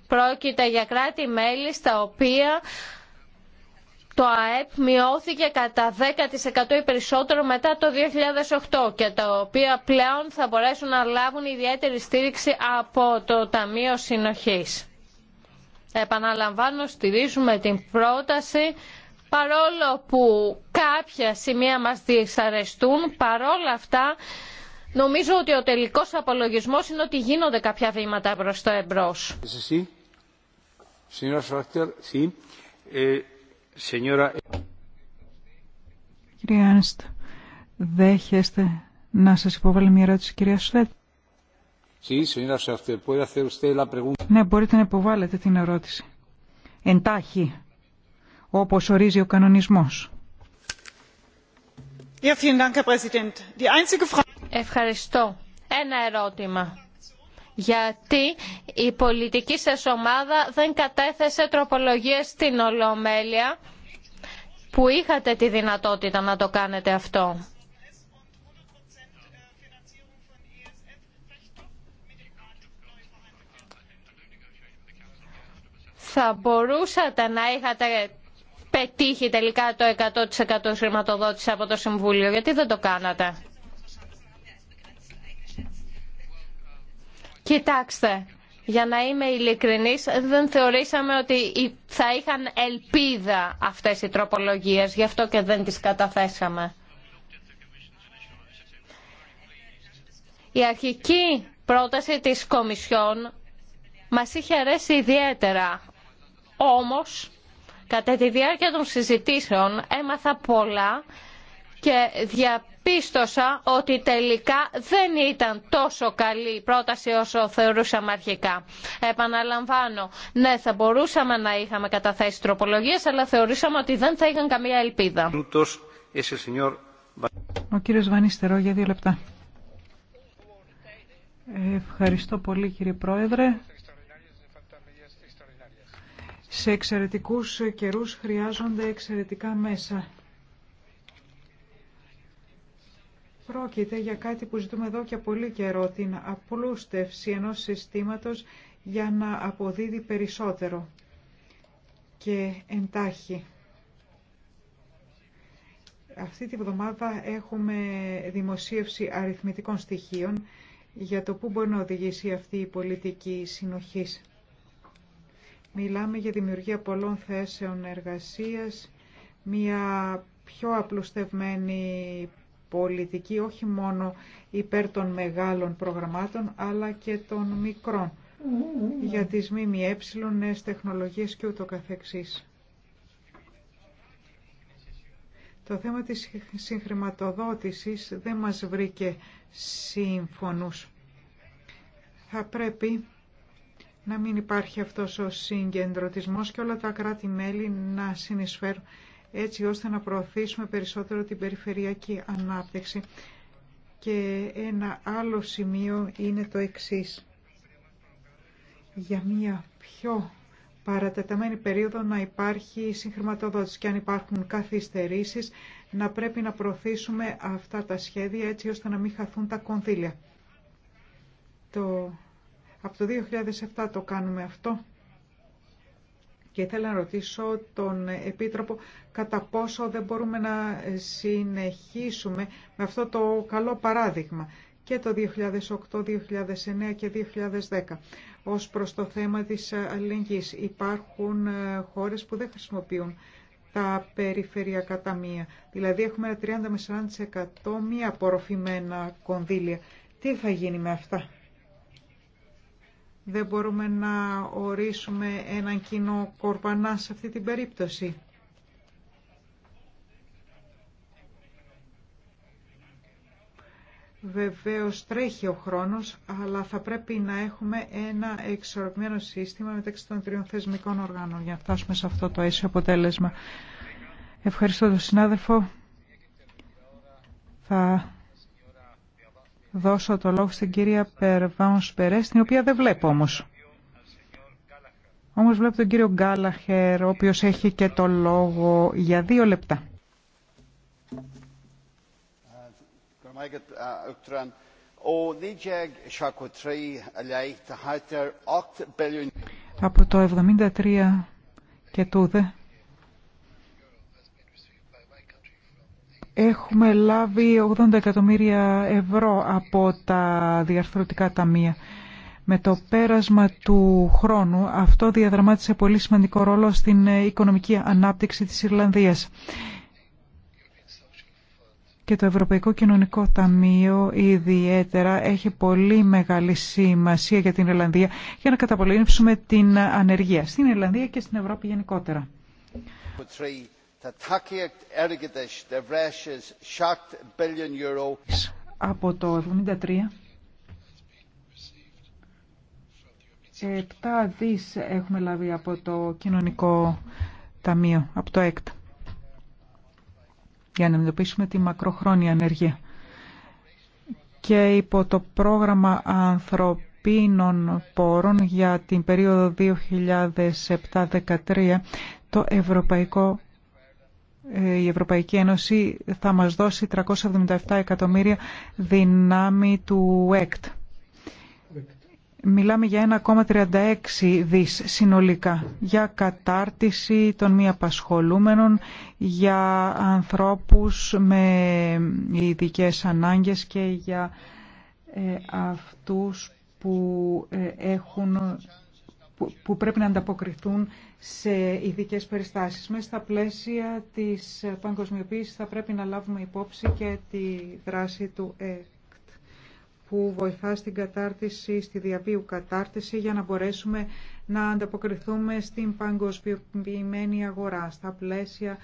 Πρόκειται για κράτη-μέλη στα οποία το ΑΕΠ μειώθηκε κατά 10% ή περισσότερο μετά το 2008 και τα οποία πλέον θα μπορέσουν να λάβουν ιδιαίτερη στήριξη από το Ταμείο Συνοχής. Επαναλαμβάνω, στηρίζουμε την πρόταση παρόλο που κάποια σημεία μας διεξαρεστούν, παρόλα αυτά νομίζω ότι ο τελικός απολογισμός είναι ότι γίνονται κάποια βήματα προς το εμπρός. Εσύ, Κύριε Άνστ, δέχεστε να σας υποβάλει μια ερώτηση, κυρία Σλέτ. Ναι, μπορείτε να υποβάλλετε την ερώτηση. Εντάχει, όπως ορίζει ο κανονισμός. Ευχαριστώ. Ένα ερώτημα γιατί η πολιτική σας ομάδα δεν κατέθεσε τροπολογίες στην Ολομέλεια που είχατε τη δυνατότητα να το κάνετε αυτό. Θα μπορούσατε να είχατε πετύχει τελικά το 100% χρηματοδότηση από το Συμβούλιο. Γιατί δεν το κάνατε. Κοιτάξτε, για να είμαι ειλικρινής, δεν θεωρήσαμε ότι θα είχαν ελπίδα αυτές οι τροπολογίες, γι' αυτό και δεν τις καταθέσαμε. Η αρχική πρόταση της Κομισιόν μας είχε αρέσει ιδιαίτερα. Όμως, κατά τη διάρκεια των συζητήσεων έμαθα πολλά και διαπίστωσα διαπίστωσα ότι τελικά δεν ήταν τόσο καλή η πρόταση όσο θεωρούσαμε αρχικά. Επαναλαμβάνω, ναι θα μπορούσαμε να είχαμε καταθέσει τροπολογίες αλλά θεωρήσαμε ότι δεν θα είχαν καμία ελπίδα. Ο κύριος Βανίστερο για δύο λεπτά. Ευχαριστώ πολύ κύριε Πρόεδρε. Σε εξαιρετικούς καιρούς χρειάζονται εξαιρετικά μέσα. Πρόκειται για κάτι που ζητούμε εδώ και πολύ καιρό, την απλούστευση ενός συστήματος για να αποδίδει περισσότερο και εντάχει. Αυτή τη βδομάδα έχουμε δημοσίευση αριθμητικών στοιχείων για το πού μπορεί να οδηγήσει αυτή η πολιτική συνοχής. Μιλάμε για δημιουργία πολλών θέσεων εργασίας, μια πιο απλουστευμένη πολιτική όχι μόνο υπέρ των μεγάλων προγραμμάτων αλλά και των μικρών για τις ΜΜΕ, νέες τεχνολογίες και ούτω καθεξής. Το θέμα της συγχρηματοδότησης δεν μας βρήκε σύμφωνους. Θα πρέπει να μην υπάρχει αυτός ο συγκεντρωτισμός και όλα τα κράτη-μέλη να συνεισφέρουν έτσι ώστε να προωθήσουμε περισσότερο την περιφερειακή ανάπτυξη. Και ένα άλλο σημείο είναι το εξής. Για μία πιο παρατεταμένη περίοδο να υπάρχει συγχρηματοδότηση και αν υπάρχουν καθυστερήσεις να πρέπει να προωθήσουμε αυτά τα σχέδια έτσι ώστε να μην χαθούν τα κονδύλια. Το... Από το 2007 το κάνουμε αυτό και ήθελα να ρωτήσω τον Επίτροπο κατά πόσο δεν μπορούμε να συνεχίσουμε με αυτό το καλό παράδειγμα και το 2008, 2009 και 2010. Ως προς το θέμα της αλληλεγγύης υπάρχουν ε, χώρες που δεν χρησιμοποιούν τα περιφερειακά ταμεία. Δηλαδή έχουμε 30 με 40% μη απορροφημένα κονδύλια. Τι θα γίνει με αυτά. Δεν μπορούμε να ορίσουμε έναν κοινό κορπανά σε αυτή την περίπτωση. Βεβαίως τρέχει ο χρόνος, αλλά θα πρέπει να έχουμε ένα εξορροπημένο σύστημα μεταξύ των τριών θεσμικών οργάνων για να φτάσουμε σε αυτό το αίσιο αποτέλεσμα. Ευχαριστώ τον συνάδελφο δώσω το λόγο στην κυρία Περβάνς Περές, την οποία δεν βλέπω όμως. Όμως βλέπω τον κύριο Γκάλαχερ, ο οποίος έχει και το λόγο για δύο λεπτά. Από το 73 και τούδε Έχουμε λάβει 80 εκατομμύρια ευρώ από τα διαρθρωτικά ταμεία. Με το πέρασμα του χρόνου αυτό διαδραμάτισε πολύ σημαντικό ρόλο στην οικονομική ανάπτυξη της Ιρλανδίας. Και το Ευρωπαϊκό Κοινωνικό Ταμείο ιδιαίτερα έχει πολύ μεγάλη σημασία για την Ιρλανδία για να καταπολεμήσουμε την ανεργία στην Ιρλανδία και στην Ευρώπη γενικότερα. Από το 1973 7 δις έχουμε λάβει από το κοινωνικό ταμείο, από το ΕΚΤ, για να αντιμετωπίσουμε τη μακροχρόνια ανεργία. Και υπό το πρόγραμμα ανθρωπίνων πόρων για την περίοδο 2007-2013, το Ευρωπαϊκό η Ευρωπαϊκή Ένωση θα μας δώσει 377 εκατομμύρια δυνάμει του ΕΚΤ. Μιλάμε για 1,36 δις συνολικά για κατάρτιση των μη απασχολούμενων, για ανθρώπους με ειδικέ ανάγκες και για ε, αυτούς που ε, έχουν που πρέπει να ανταποκριθούν σε ειδικέ περιστάσεις. Μέσα στα πλαίσια της παγκοσμιοποίησης θα πρέπει να λάβουμε υπόψη και τη δράση του ΕΚΤ που βοηθά στην κατάρτιση, στη διαβίου κατάρτιση για να μπορέσουμε να ανταποκριθούμε στην παγκοσμιοποιημένη αγορά. Στα πλαίσια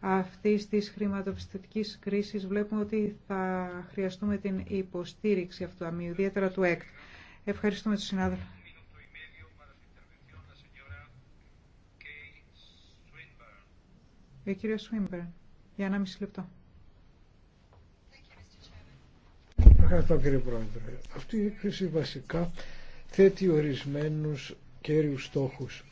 αυτή της χρηματοπιστωτικής κρίσης βλέπουμε ότι θα χρειαστούμε την υποστήριξη αυτού αμείου, ιδιαίτερα του ΕΚΤ. Ευχαριστούμε τους συνάδελφους. Η ε, κυρία Σουίμπερ, για ένα μισή λεπτό. Ευχαριστώ κύριε Πρόεδρε. Αυτή η έκθεση βασικά θέτει ορισμένους κέριους στόχους.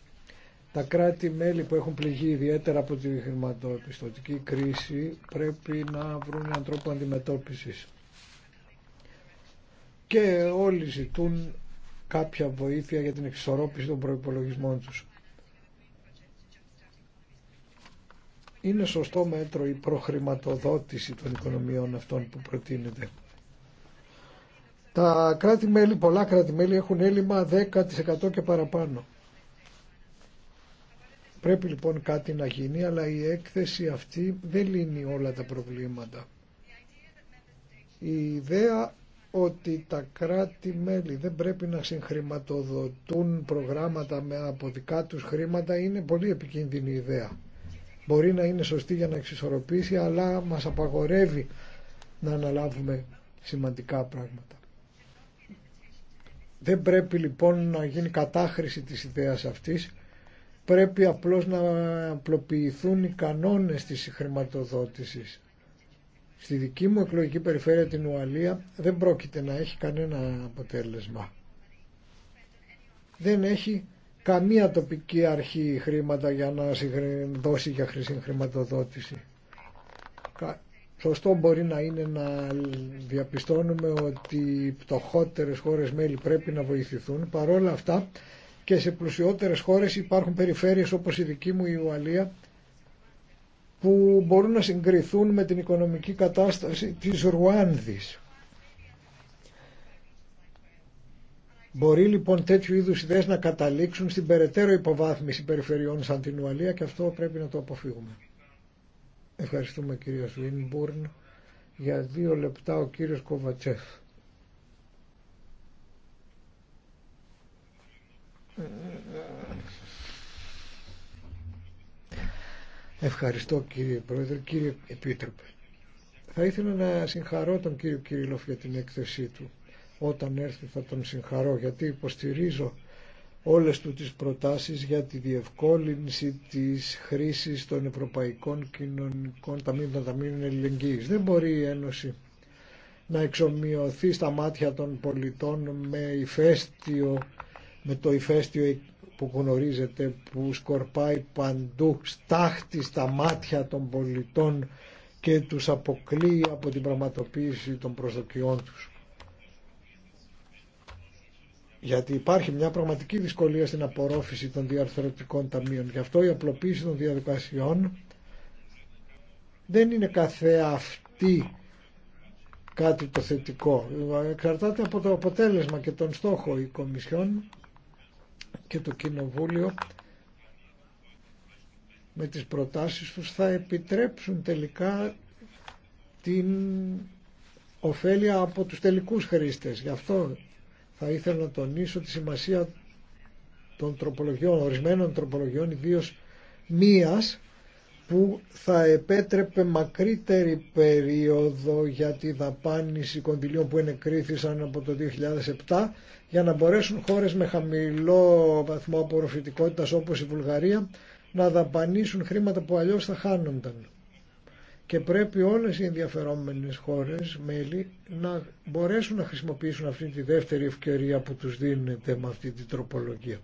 Τα κράτη-μέλη που έχουν πληγεί ιδιαίτερα από τη χρηματοπιστωτική κρίση πρέπει να βρουν έναν τρόπο αντιμετώπισης. Και όλοι ζητούν κάποια βοήθεια για την εξισορρόπηση των προϋπολογισμών τους. Είναι σωστό μέτρο η προχρηματοδότηση των οικονομιών αυτών που προτείνεται. Τα κράτη-μέλη, πολλά κράτη-μέλη έχουν έλλειμμα 10% και παραπάνω. Πρέπει λοιπόν κάτι να γίνει, αλλά η έκθεση αυτή δεν λύνει όλα τα προβλήματα. Η ιδέα ότι τα κράτη-μέλη δεν πρέπει να συγχρηματοδοτούν προγράμματα με από δικά τους χρήματα είναι πολύ επικίνδυνη ιδέα μπορεί να είναι σωστή για να εξισορροπήσει αλλά μας απαγορεύει να αναλάβουμε σημαντικά πράγματα. Δεν πρέπει λοιπόν να γίνει κατάχρηση της ιδέας αυτής, πρέπει απλώς να απλοποιηθούν οι κανόνες της χρηματοδότησης. Στη δική μου εκλογική περιφέρεια την Ουαλία δεν πρόκειται να έχει κανένα αποτέλεσμα. Δεν έχει καμία τοπική αρχή χρήματα για να δώσει για χρηματοδότηση. Σωστό μπορεί να είναι να διαπιστώνουμε ότι οι πτωχότερες χώρες μέλη πρέπει να βοηθηθούν. Παρόλα αυτά και σε πλουσιότερες χώρες υπάρχουν περιφέρειες όπως η δική μου η που μπορούν να συγκριθούν με την οικονομική κατάσταση της Ρουάνδης. Μπορεί λοιπόν τέτοιου είδου ιδέες να καταλήξουν στην περαιτέρω υποβάθμιση περιφερειών σαν την Ουαλία και αυτό πρέπει να το αποφύγουμε. Ευχαριστούμε κύριε Σουίνμπουρν. Για δύο λεπτά ο κύριος Κοβατσέφ. Ευχαριστώ κύριε Πρόεδρε, κύριε Επίτροπε. Θα ήθελα να συγχαρώ τον κύριο Κυρίλοφ για την έκθεσή του όταν έρθει θα τον συγχαρώ γιατί υποστηρίζω όλες του τις προτάσεις για τη διευκόλυνση της χρήσης των Ευρωπαϊκών Κοινωνικών Ταμείων των Ελληνικής. Δεν μπορεί η Ένωση να εξομοιωθεί στα μάτια των πολιτών με, με το ηφαίστειο που γνωρίζετε που σκορπάει παντού στάχτη στα μάτια των πολιτών και τους αποκλείει από την πραγματοποίηση των προσδοκιών τους γιατί υπάρχει μια πραγματική δυσκολία στην απορρόφηση των διαρθρωτικών ταμείων. Γι' αυτό η απλοποίηση των διαδικασιών δεν είναι καθεαυτή κάτι το θετικό. Εξαρτάται από το αποτέλεσμα και τον στόχο η Κομισιόν και το Κοινοβούλιο με τις προτάσεις τους θα επιτρέψουν τελικά την ωφέλεια από τους τελικούς χρήστες. Γι' αυτό θα ήθελα να τονίσω τη σημασία των τροπολογιών, ορισμένων τροπολογιών, ιδίω μίας που θα επέτρεπε μακρύτερη περίοδο για τη δαπάνηση κονδυλίων που ενεκρίθησαν από το 2007 για να μπορέσουν χώρες με χαμηλό βαθμό απορροφητικότητας όπως η Βουλγαρία να δαπανίσουν χρήματα που αλλιώς θα χάνονταν και πρέπει όλες οι ενδιαφερόμενες χώρες, μέλη, να μπορέσουν να χρησιμοποιήσουν αυτή τη δεύτερη ευκαιρία που τους δίνεται με αυτή την τροπολογία.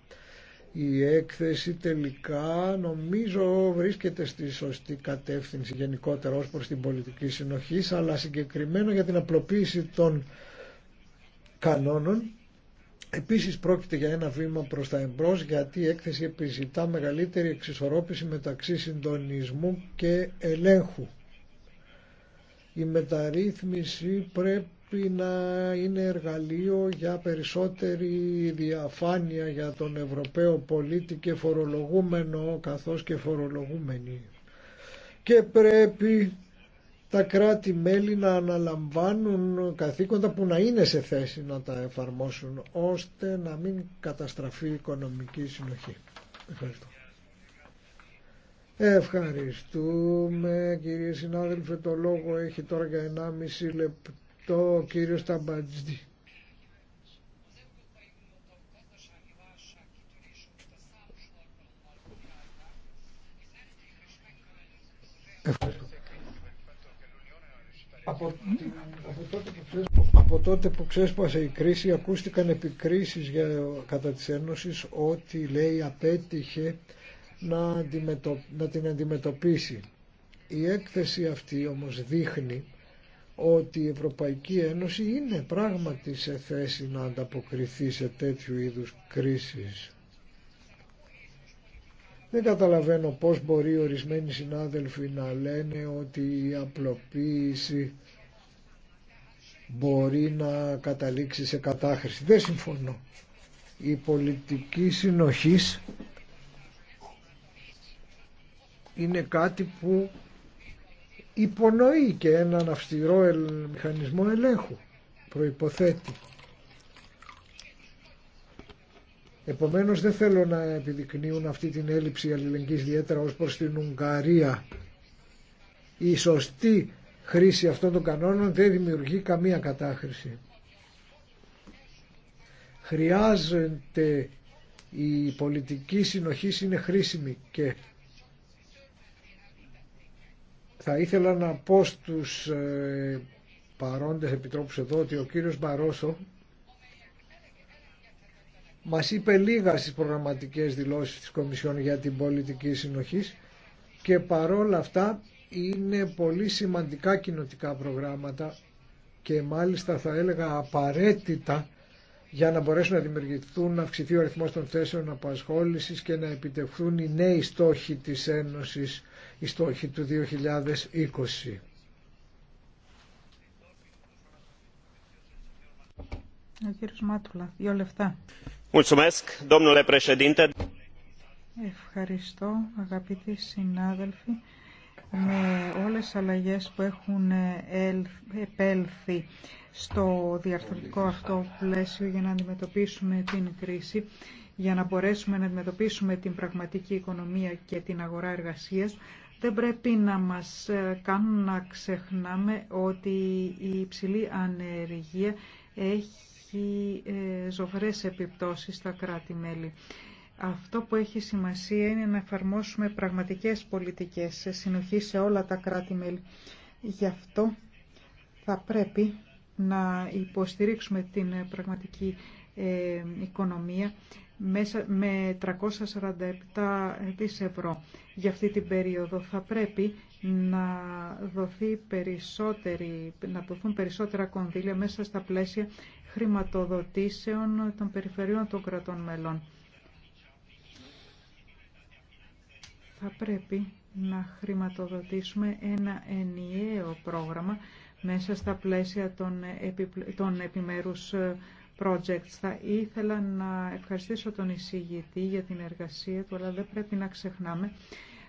Η έκθεση τελικά νομίζω βρίσκεται στη σωστή κατεύθυνση γενικότερα ως προς την πολιτική συνοχή, αλλά συγκεκριμένα για την απλοποίηση των κανόνων. Επίσης πρόκειται για ένα βήμα προς τα εμπρός γιατί η έκθεση επιζητά μεγαλύτερη εξισορρόπηση μεταξύ συντονισμού και ελέγχου. Η μεταρρύθμιση πρέπει να είναι εργαλείο για περισσότερη διαφάνεια για τον Ευρωπαίο πολίτη και φορολογούμενο καθώς και φορολογούμενη. Και πρέπει τα κράτη-μέλη να αναλαμβάνουν καθήκοντα που να είναι σε θέση να τα εφαρμόσουν ώστε να μην καταστραφεί η οικονομική συνοχή. Ευχαριστώ. Ευχαριστούμε κύριε συνάδελφε. Το λόγο έχει τώρα για 1,5 λεπτό ο κύριος Ταμπατζή. Ευχαριστώ. Από, από τότε που ξέσπασε η κρίση ακούστηκαν επικρίσεις για, κατά της Ένωσης ότι λέει απέτυχε να, την αντιμετωπίσει. Η έκθεση αυτή όμως δείχνει ότι η Ευρωπαϊκή Ένωση είναι πράγματι σε θέση να ανταποκριθεί σε τέτοιου είδους κρίσεις. Δεν καταλαβαίνω πώς μπορεί ορισμένοι συνάδελφοι να λένε ότι η απλοποίηση μπορεί να καταλήξει σε κατάχρηση. Δεν συμφωνώ. Η πολιτική συνοχής είναι κάτι που υπονοεί και έναν αυστηρό μηχανισμό ελέγχου, προϋποθέτει. Επομένως δεν θέλω να επιδεικνύουν αυτή την έλλειψη αλληλεγγύης ιδιαίτερα ως προς την Ουγγαρία. Η σωστή χρήση αυτών των κανόνων δεν δημιουργεί καμία κατάχρηση. Χρειάζεται η πολιτική συνοχή είναι χρήσιμη και θα ήθελα να πω στους ε, παρόντες επιτρόπους εδώ ότι ο κύριος Μπαρόσο μας είπε λίγα στις προγραμματικές δηλώσεις της Κομισιόν για την πολιτική συνοχή και παρόλα αυτά είναι πολύ σημαντικά κοινοτικά προγράμματα και μάλιστα θα έλεγα απαραίτητα για να μπορέσουν να δημιουργηθούν, να αυξηθεί ο αριθμός των θέσεων απασχόλησης και να επιτευχθούν οι νέοι στόχοι της Ένωσης, οι στόχοι του 2020. Ευχαριστώ, αγαπητοί συνάδελφοι. Με όλες τις αλλαγές που έχουν ε, επέλθει στο διαρθρωτικό αυτό πλαίσιο για να αντιμετωπίσουμε την κρίση, για να μπορέσουμε να αντιμετωπίσουμε την πραγματική οικονομία και την αγορά εργασίας, δεν πρέπει να μας ε, κάνουν να ξεχνάμε ότι η υψηλή ανεργία έχει ε, ζωφρές επιπτώσεις στα κράτη-μέλη. Αυτό που έχει σημασία είναι να εφαρμόσουμε πραγματικές πολιτικές σε συνοχή σε όλα τα κράτη-μέλη. Γι' αυτό θα πρέπει να υποστηρίξουμε την πραγματική ε, οικονομία μέσα με 347 δις ευρώ. Για αυτή την περίοδο θα πρέπει να, δοθεί περισσότερη, να δοθούν περισσότερα κονδύλια μέσα στα πλαίσια χρηματοδοτήσεων των περιφερειών των κρατών μελών. Θα πρέπει να χρηματοδοτήσουμε ένα ενιαίο πρόγραμμα μέσα στα πλαίσια των, των επιμέρους ε, projects. Θα ήθελα να ευχαριστήσω τον εισηγητή για την εργασία του, αλλά δεν πρέπει να ξεχνάμε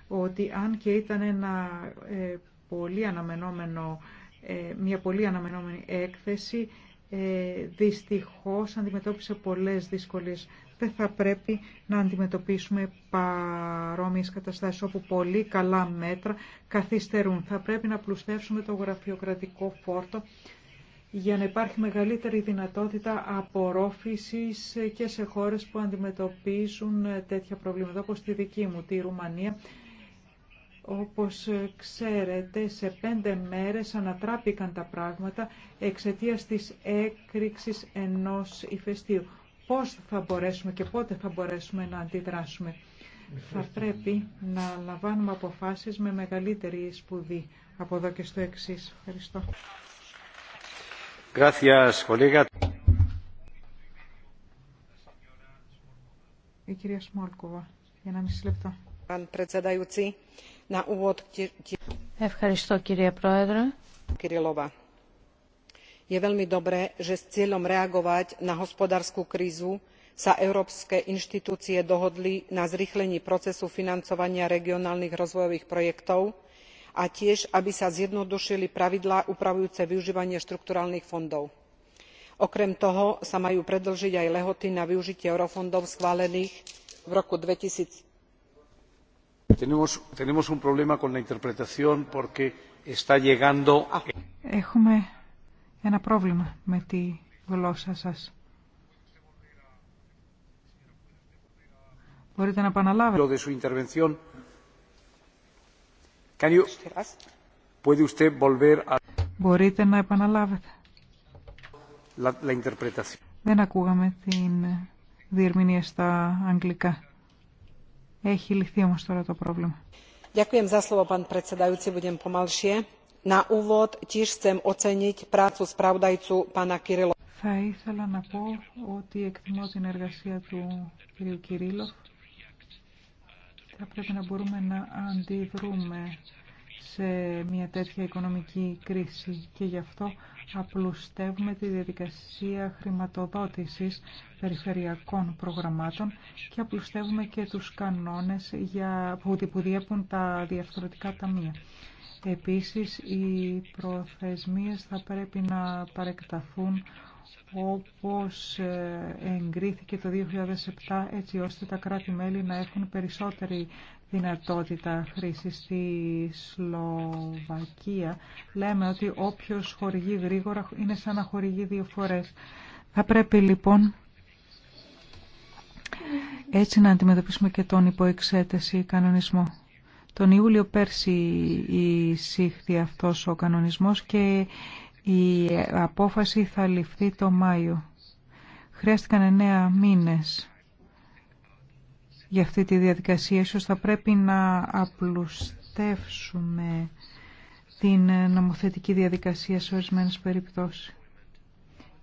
ότι αν και ήταν ένα ε, πολύ αναμενόμενο, ε, μια πολύ αναμενόμενη έκθεση, ε, δυστυχώς αντιμετώπισε πολλές δυσκολίες δεν θα πρέπει να αντιμετωπίσουμε παρόμοιες καταστάσεις όπου πολύ καλά μέτρα καθυστερούν. Θα πρέπει να πλουστεύσουμε το γραφειοκρατικό φόρτο για να υπάρχει μεγαλύτερη δυνατότητα απορρόφησης και σε χώρες που αντιμετωπίζουν τέτοια προβλήματα, όπως τη δική μου, τη Ρουμανία. Όπως ξέρετε, σε πέντε μέρες ανατράπηκαν τα πράγματα εξαιτίας της έκρηξης ενός ηφαιστείου πώς θα μπορέσουμε και πότε θα μπορέσουμε να αντιδράσουμε. Θα πρέπει να λαμβάνουμε αποφάσεις με μεγαλύτερη σπουδή από εδώ και στο εξής. Ευχαριστώ. Η κυρία Σμόλκοβα, για να μισή λεπτό. Ευχαριστώ κυρία Πρόεδρε. Κύριε Λόβα je veľmi dobré že s cieľom reagovať na hospodársku krízu sa európske inštitúcie dohodli na zrýchlení procesu financovania regionálnych rozvojových projektov a tiež aby sa zjednodušili pravidlá upravujúce využívanie štrukturálnych fondov. okrem toho sa majú predĺžiť aj lehoty na využitie eurofondov schválených v roku. two thousand ένα πρόβλημα με τη γλώσσα σας. Μπορείτε να επαναλάβετε. Μπορείτε να επαναλάβετε. Δεν ακούγαμε την διερμηνία στα αγγλικά. Έχει λυθεί όμως τώρα το πρόβλημα. Θα ήθελα να πω ότι εκτιμώ την εργασία του κ. Κυρίλοφ. Θα πρέπει να μπορούμε να αντιδρούμε σε μια τέτοια οικονομική κρίση και γι' αυτό απλουστεύουμε τη διαδικασία χρηματοδότησης περιφερειακών προγραμμάτων και απλουστεύουμε και τους κανόνες που διέπουν τα διαφορετικά ταμεία. Επίσης, οι προθεσμίες θα πρέπει να παρεκταθούν όπως ε, εγκρίθηκε το 2007 έτσι ώστε τα κράτη-μέλη να έχουν περισσότερη δυνατότητα χρήση στη Σλοβακία. Λέμε ότι όποιος χορηγεί γρήγορα είναι σαν να χορηγεί δύο φορές. Θα πρέπει λοιπόν έτσι να αντιμετωπίσουμε και τον υποεξέταση κανονισμό. Τον Ιούλιο πέρσι εισήχθη αυτός ο κανονισμός και η απόφαση θα ληφθεί το Μάιο. Χρειάστηκαν εννέα μήνες για αυτή τη διαδικασία. Ίσως θα πρέπει να απλουστεύσουμε την νομοθετική διαδικασία σε ορισμένες περιπτώσεις.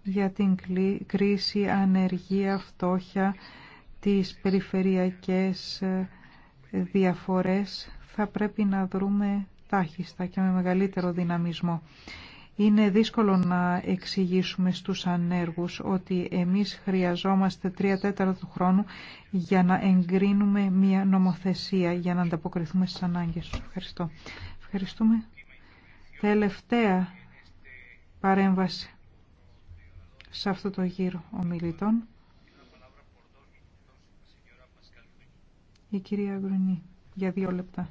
Για την κρίση, ανεργία, φτώχεια, τις περιφερειακές ε, διαφορές θα πρέπει να δρούμε τάχιστα και με μεγαλύτερο δυναμισμό. Είναι δύσκολο να εξηγήσουμε στους ανέργους ότι εμείς χρειαζόμαστε τρία τέταρτα του χρόνου για να εγκρίνουμε μια νομοθεσία, για να ανταποκριθούμε στις ανάγκες. Ευχαριστώ. Ευχαριστούμε. Τελευταία παρέμβαση σε αυτό το γύρο ομιλητών. Η κυρία Γκρουνή για δύο λεπτά.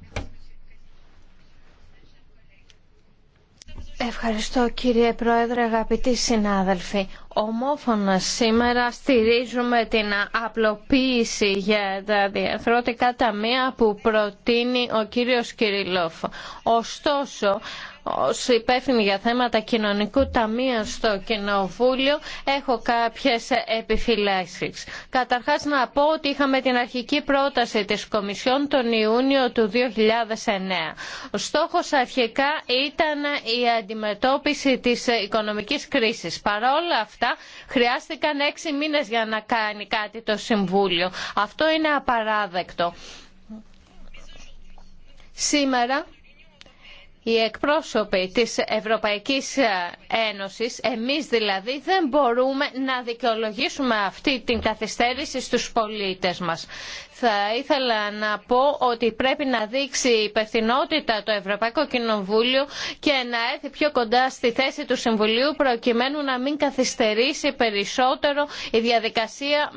Ευχαριστώ κύριε Πρόεδρε, αγαπητοί συνάδελφοι. Ομόφωνα σήμερα στηρίζουμε την απλοποίηση για τα διαθρώτικα ταμεία που προτείνει ο κύριος Κυριλόφ. Ωστόσο, ως υπεύθυνη για θέματα κοινωνικού ταμείου στο Κοινοβούλιο έχω κάποιες επιφυλάξεις. Καταρχάς να πω ότι είχαμε την αρχική πρόταση της Κομισιόν τον Ιούνιο του 2009. Ο στόχος αρχικά ήταν η αντιμετώπιση της οικονομικής κρίσης. Παρ' όλα αυτά χρειάστηκαν έξι μήνες για να κάνει κάτι το Συμβούλιο. Αυτό είναι απαράδεκτο. Σήμερα οι εκπρόσωποι της Ευρωπαϊκής Ένωσης, εμείς δηλαδή, δεν μπορούμε να δικαιολογήσουμε αυτή την καθυστέρηση στους πολίτες μας. Θα ήθελα να πω ότι πρέπει να δείξει υπευθυνότητα το Ευρωπαϊκό Κοινοβούλιο και να έρθει πιο κοντά στη θέση του Συμβουλίου προκειμένου να μην καθυστερήσει περισσότερο η διαδικασία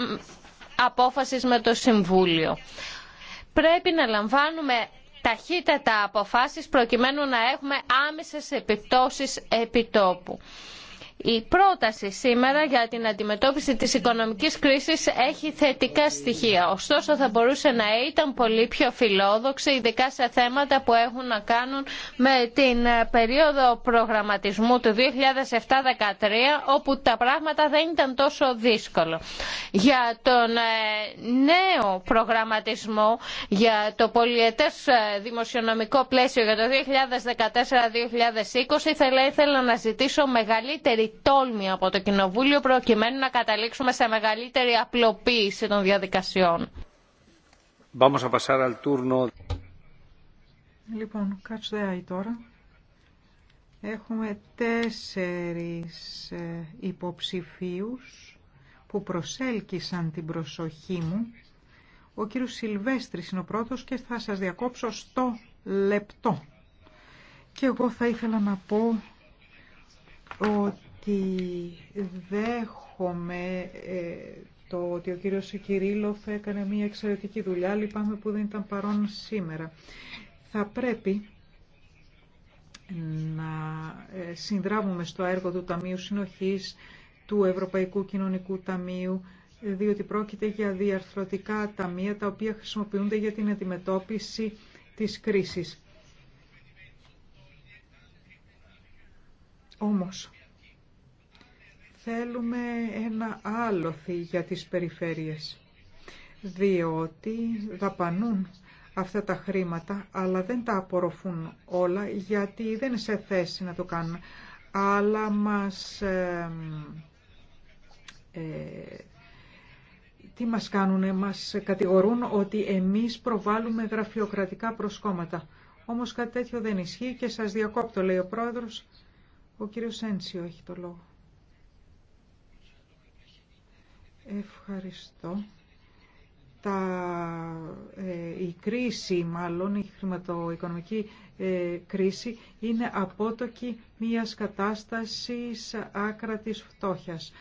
απόφασης με το Συμβούλιο. Πρέπει να λαμβάνουμε ταχύτατα αποφάσεις προκειμένου να έχουμε άμεσες επιπτώσεις επιτόπου. Η πρόταση σήμερα για την αντιμετώπιση της οικονομικής κρίσης έχει θετικά στοιχεία. Ωστόσο θα μπορούσε να ήταν πολύ πιο φιλόδοξη, ειδικά σε θέματα που έχουν να κάνουν με την περίοδο προγραμματισμού του 2007-2013, όπου τα πράγματα δεν ήταν τόσο δύσκολο. Για τον ε, νέο προγραμματισμό, για το πολιετές ε, δημοσιονομικό πλαίσιο για το 2014-2020, θα ήθελα να ζητήσω μεγαλύτερη τόλμη από το Κοινοβούλιο προκειμένου να καταλήξουμε σε μεγαλύτερη απλοποίηση των διαδικασιών. Λοιπόν, κάτσε τώρα. Έχουμε τέσσερις ε, υποψηφίους που προσέλκυσαν την προσοχή μου. Ο κύριος Σιλβέστρης είναι ο πρώτος και θα σας διακόψω στο λεπτό. Και εγώ θα ήθελα να πω ότι ότι δέχομαι ε, το ότι ο κύριος Κυρίλοφ έκανε μια εξαιρετική δουλειά. Λυπάμαι που δεν ήταν παρόν σήμερα. Θα πρέπει να ε, συνδράμουμε στο έργο του Ταμείου Συνοχής, του Ευρωπαϊκού Κοινωνικού Ταμείου, διότι πρόκειται για διαρθρωτικά ταμεία τα οποία χρησιμοποιούνται για την αντιμετώπιση της κρίσης. Όμως, θέλουμε ένα άλοθη για τις περιφέρειες, διότι δαπανούν αυτά τα χρήματα, αλλά δεν τα απορροφούν όλα, γιατί δεν είναι σε θέση να το κάνουν. Αλλά μας... Ε, τι μας κάνουν, μας κατηγορούν ότι εμείς προβάλλουμε γραφειοκρατικά προσκόμματα. Όμως κάτι τέτοιο δεν ισχύει και σας διακόπτω, λέει ο πρόεδρος. Ο κύριος Ένσιο έχει το λόγο. Ευχαριστώ. Τα, ε, η κρίση, μάλλον η χρηματοοικονομική ε, κρίση, είναι απότοκη μιας κατάστασης άκρατης φτώχειας.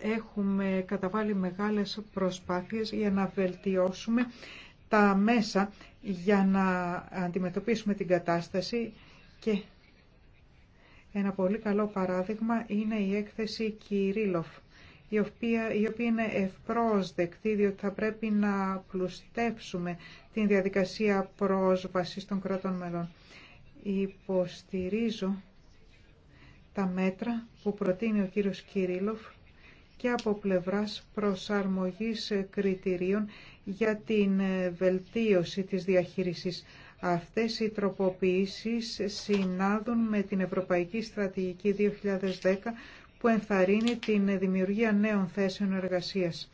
Έχουμε καταβάλει μεγάλες προσπάθειες για να βελτιώσουμε τα μέσα για να αντιμετωπίσουμε την κατάσταση και ένα πολύ καλό παράδειγμα είναι η έκθεση Κυρίλοφ η οποία, η οποία είναι ευπρόσδεκτη, διότι θα πρέπει να πλουστεύσουμε την διαδικασία πρόσβασης των κρατών μελών. Υποστηρίζω τα μέτρα που προτείνει ο κύριος Κυρίλοφ και από πλευράς προσαρμογής κριτηρίων για την βελτίωση της διαχείρισης. Αυτές οι τροποποιήσεις συνάδουν με την Ευρωπαϊκή Στρατηγική 2010 που ενθαρρύνει την δημιουργία νέων θέσεων εργασίας.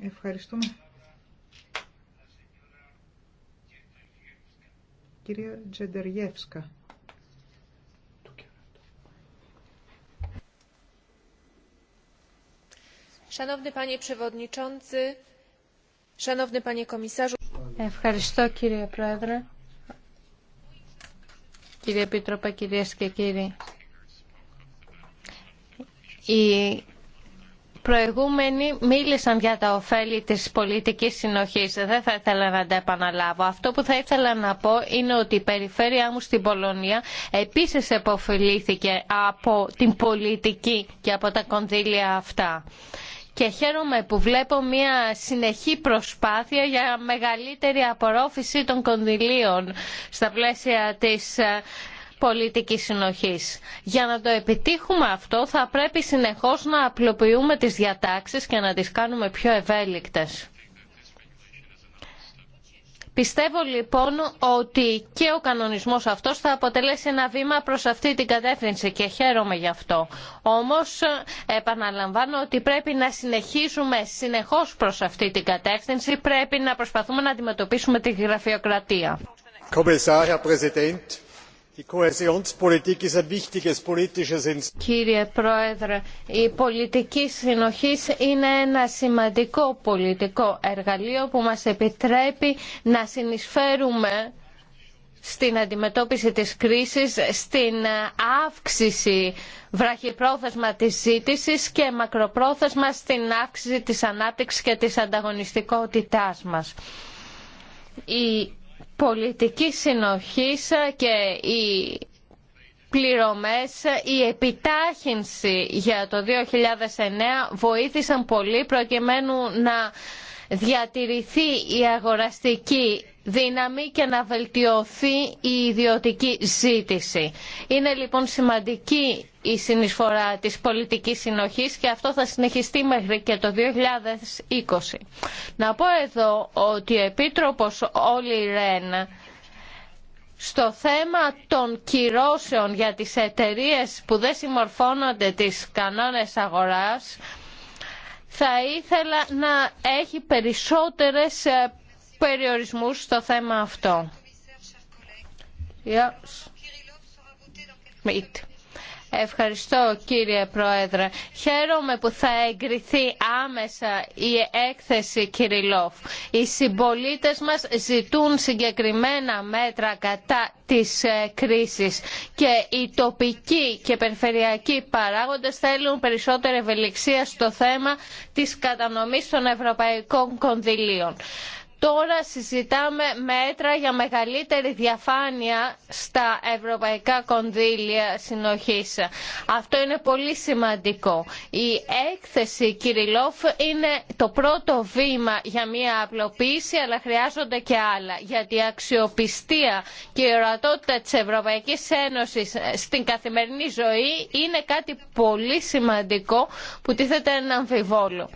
Ευχαριστούμε. Κυρία Τζεντεριεύσκα. Ευχαριστώ κύριε Πρόεδρε, κύριε Επίτροπα, κυρίες και κύριοι. Οι προηγούμενοι μίλησαν για τα ωφέλη της πολιτικής συνοχής. Δεν θα ήθελα να τα επαναλάβω. Αυτό που θα ήθελα να πω είναι ότι η περιφέρειά μου στην Πολωνία επίσης επωφελήθηκε από την πολιτική και από τα κονδύλια αυτά και χαίρομαι που βλέπω μια συνεχή προσπάθεια για μεγαλύτερη απορρόφηση των κονδυλίων στα πλαίσια της ε, πολιτικής συνοχής. Για να το επιτύχουμε αυτό θα πρέπει συνεχώς να απλοποιούμε τις διατάξεις και να τις κάνουμε πιο ευέλικτες. Πιστεύω λοιπόν ότι και ο κανονισμός αυτός θα αποτελέσει ένα βήμα προς αυτή την κατεύθυνση και χαίρομαι γι' αυτό. Όμως επαναλαμβάνω ότι πρέπει να συνεχίζουμε συνεχώς προς αυτή την κατεύθυνση, πρέπει να προσπαθούμε να αντιμετωπίσουμε τη γραφειοκρατία. Κύριε Πρόεδρε, η πολιτική συνοχή είναι ένα σημαντικό πολιτικό εργαλείο που μας επιτρέπει να συνεισφέρουμε στην αντιμετώπιση της κρίσης, στην αύξηση βραχυπρόθεσμα της ζήτησης και μακροπρόθεσμα στην αύξηση της ανάπτυξης και της ανταγωνιστικότητάς μας. Η πολιτική συνοχής και η πληρωμές, η επιτάχυνση για το 2009 βοήθησαν πολύ προκειμένου να διατηρηθεί η αγοραστική δύναμη και να βελτιωθεί η ιδιωτική ζήτηση. Είναι λοιπόν σημαντική η συνεισφορά της πολιτικής συνοχής και αυτό θα συνεχιστεί μέχρι και το 2020. Να πω εδώ ότι ο Επίτροπος Όλη Ρεν στο θέμα των κυρώσεων για τις εταιρείες που δεν συμμορφώνονται τις κανόνες αγοράς θα ήθελα να έχει περισσότερες περιορισμούς στο θέμα αυτό. Ευχαριστώ κύριε Πρόεδρε. Χαίρομαι που θα εγκριθεί άμεσα η έκθεση Κυριλόφ. Οι συμπολίτες μας ζητούν συγκεκριμένα μέτρα κατά της ε, κρίσης και οι τοπικοί και περιφερειακοί παράγοντες θέλουν περισσότερη ευελιξία στο θέμα της κατανομής των ευρωπαϊκών κονδυλίων. Τώρα συζητάμε μέτρα για μεγαλύτερη διαφάνεια στα ευρωπαϊκά κονδύλια συνοχής. Αυτό είναι πολύ σημαντικό. Η έκθεση Κυριλόφ είναι το πρώτο βήμα για μια απλοποίηση, αλλά χρειάζονται και άλλα. Γιατί η αξιοπιστία και η ορατότητα της Ευρωπαϊκής Ένωσης στην καθημερινή ζωή είναι κάτι πολύ σημαντικό που τίθεται ένα αμφιβόλο.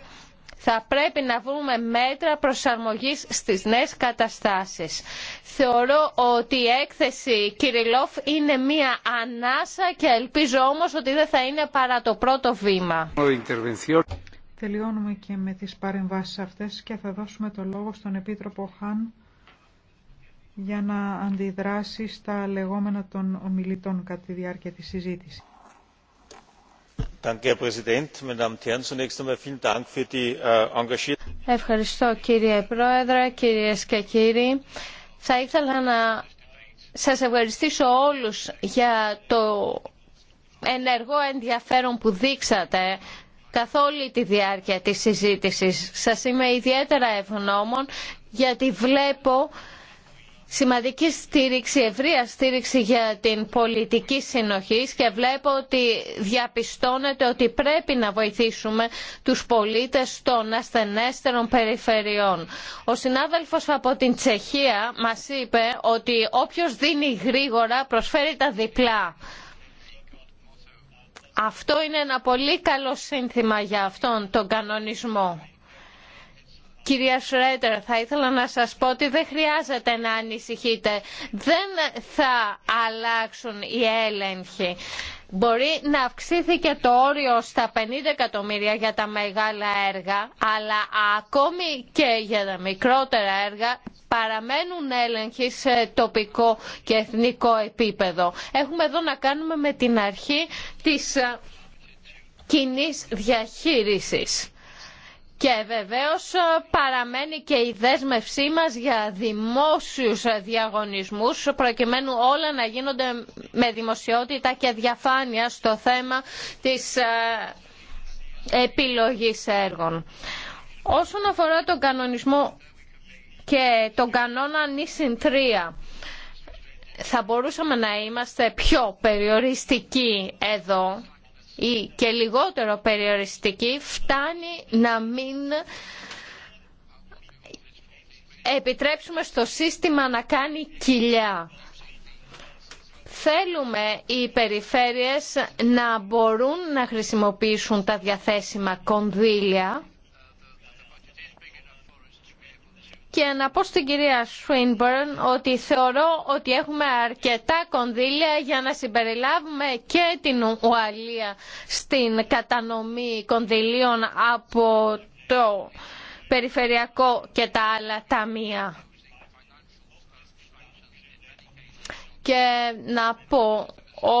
Θα πρέπει να βρούμε μέτρα προσαρμογής στις νέες καταστάσεις. Θεωρώ ότι η έκθεση Κυριλόφ είναι μία ανάσα και ελπίζω όμως ότι δεν θα είναι παρά το πρώτο βήμα. Τελειώνουμε και με τις παρεμβάσεις αυτές και θα δώσουμε το λόγο στον Επίτροπο Χάν για να αντιδράσει στα λεγόμενα των ομιλητών κατά τη διάρκεια της συζήτησης ευχαριστώ κύριε πρόεδρε κυρίες και κύριοι. θα ήθελα να σας ευχαριστήσω όλους για το ενεργό ενδιαφέρον που δείξατε καθ' όλη τη διάρκεια της συζήτησης. σας είμαι ιδιαίτερα ευγνώμων γιατί βλέπω σημαντική στήριξη, ευρεία στήριξη για την πολιτική συνοχή και βλέπω ότι διαπιστώνεται ότι πρέπει να βοηθήσουμε τους πολίτες των ασθενέστερων περιφερειών. Ο συνάδελφος από την Τσεχία μας είπε ότι όποιος δίνει γρήγορα προσφέρει τα διπλά. Αυτό είναι ένα πολύ καλό σύνθημα για αυτόν τον κανονισμό Κυρία Σρέτερ, θα ήθελα να σας πω ότι δεν χρειάζεται να ανησυχείτε. Δεν θα αλλάξουν οι έλεγχοι. Μπορεί να αυξήθηκε το όριο στα 50 εκατομμύρια για τα μεγάλα έργα, αλλά ακόμη και για τα μικρότερα έργα παραμένουν έλεγχοι σε τοπικό και εθνικό επίπεδο. Έχουμε εδώ να κάνουμε με την αρχή της ε, κοινής διαχείρισης. Και βεβαίως ε, παραμένει και η δέσμευσή μας για δημόσιους ε, διαγωνισμούς προκειμένου όλα να γίνονται με δημοσιότητα και διαφάνεια στο θέμα της ε, επιλογής έργων. Όσον αφορά τον κανονισμό και τον κανόνα νησιν 3, θα μπορούσαμε να είμαστε πιο περιοριστικοί εδώ ή και λιγότερο περιοριστική φτάνει να μην επιτρέψουμε στο σύστημα να κάνει κοιλιά. Θέλουμε οι περιφέρειες να μπορούν να χρησιμοποιήσουν τα διαθέσιμα κονδύλια και να πω στην κυρία Σουίνμπερν ότι θεωρώ ότι έχουμε αρκετά κονδύλια για να συμπεριλάβουμε και την Ουαλία στην κατανομή κονδυλίων από το περιφερειακό και τα άλλα ταμεία. Και να πω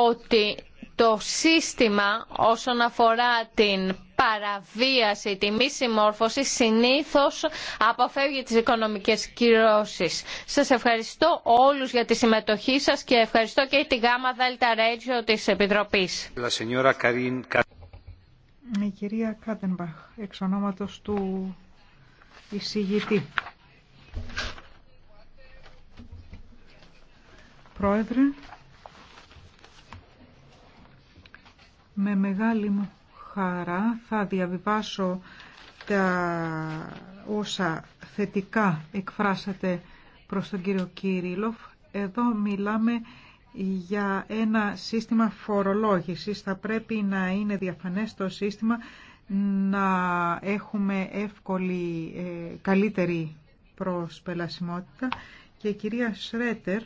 ότι το σύστημα όσον αφορά την παραβίαση, τη μη συμμόρφωση συνήθως αποφεύγει τις οικονομικές κυρώσεις. Σας ευχαριστώ όλους για τη συμμετοχή σας και ευχαριστώ και τη ΓΑΜΑ ΔΕΛΤΑ ΡΕΤΖΙΟ της Επιτροπής. Η κυρία εξ ονόματος του εισηγητή. Πρόεδρε, με μεγάλη μου χαρά θα διαβιβάσω τα όσα θετικά εκφράσατε προς τον κύριο Κύριλοφ. Εδώ μιλάμε για ένα σύστημα φορολόγησης. Θα πρέπει να είναι διαφανές το σύστημα, να έχουμε εύκολη, ε, καλύτερη προσπελασιμότητα. Και η κυρία Σρέτερ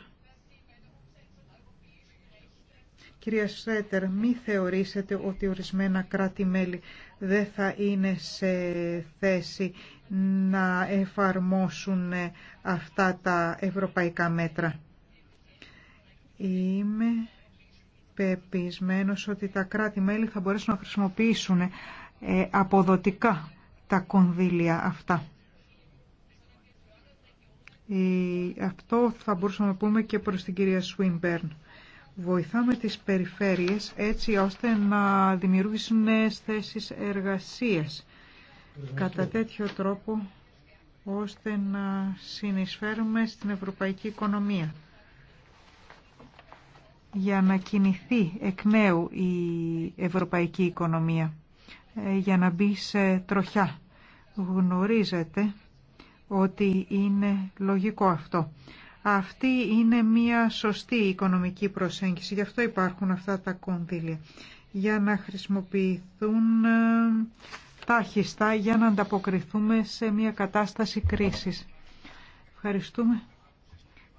Κυρία Σέτερ, μη θεωρήσετε ότι ορισμένα κράτη-μέλη δεν θα είναι σε θέση να εφαρμόσουν αυτά τα ευρωπαϊκά μέτρα. Είμαι πεπισμένος ότι τα κράτη-μέλη θα μπορέσουν να χρησιμοποιήσουν ε, αποδοτικά τα κονδύλια αυτά. Ε, αυτό θα μπορούσαμε να πούμε και προς την κυρία Σουίνπερν βοηθάμε τις περιφέρειες έτσι ώστε να δημιουργήσουν νέες θέσεις εργασίας κατά τέτοιο τρόπο ώστε να συνεισφέρουμε στην ευρωπαϊκή οικονομία για να κινηθεί εκ νέου η ευρωπαϊκή οικονομία, ε, για να μπει σε τροχιά. Γνωρίζετε ότι είναι λογικό αυτό. Αυτή είναι μια σωστή οικονομική προσέγγιση, γι' αυτό υπάρχουν αυτά τα κονδύλια, για να χρησιμοποιηθούν ε, τάχιστα για να ανταποκριθούμε σε μια κατάσταση κρίσης. Ευχαριστούμε.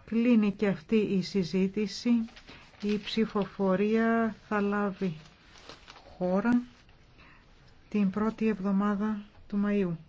Κλείνει και αυτή η συζήτηση. Η ψηφοφορία θα λάβει χώρα την πρώτη εβδομάδα του Μαΐου.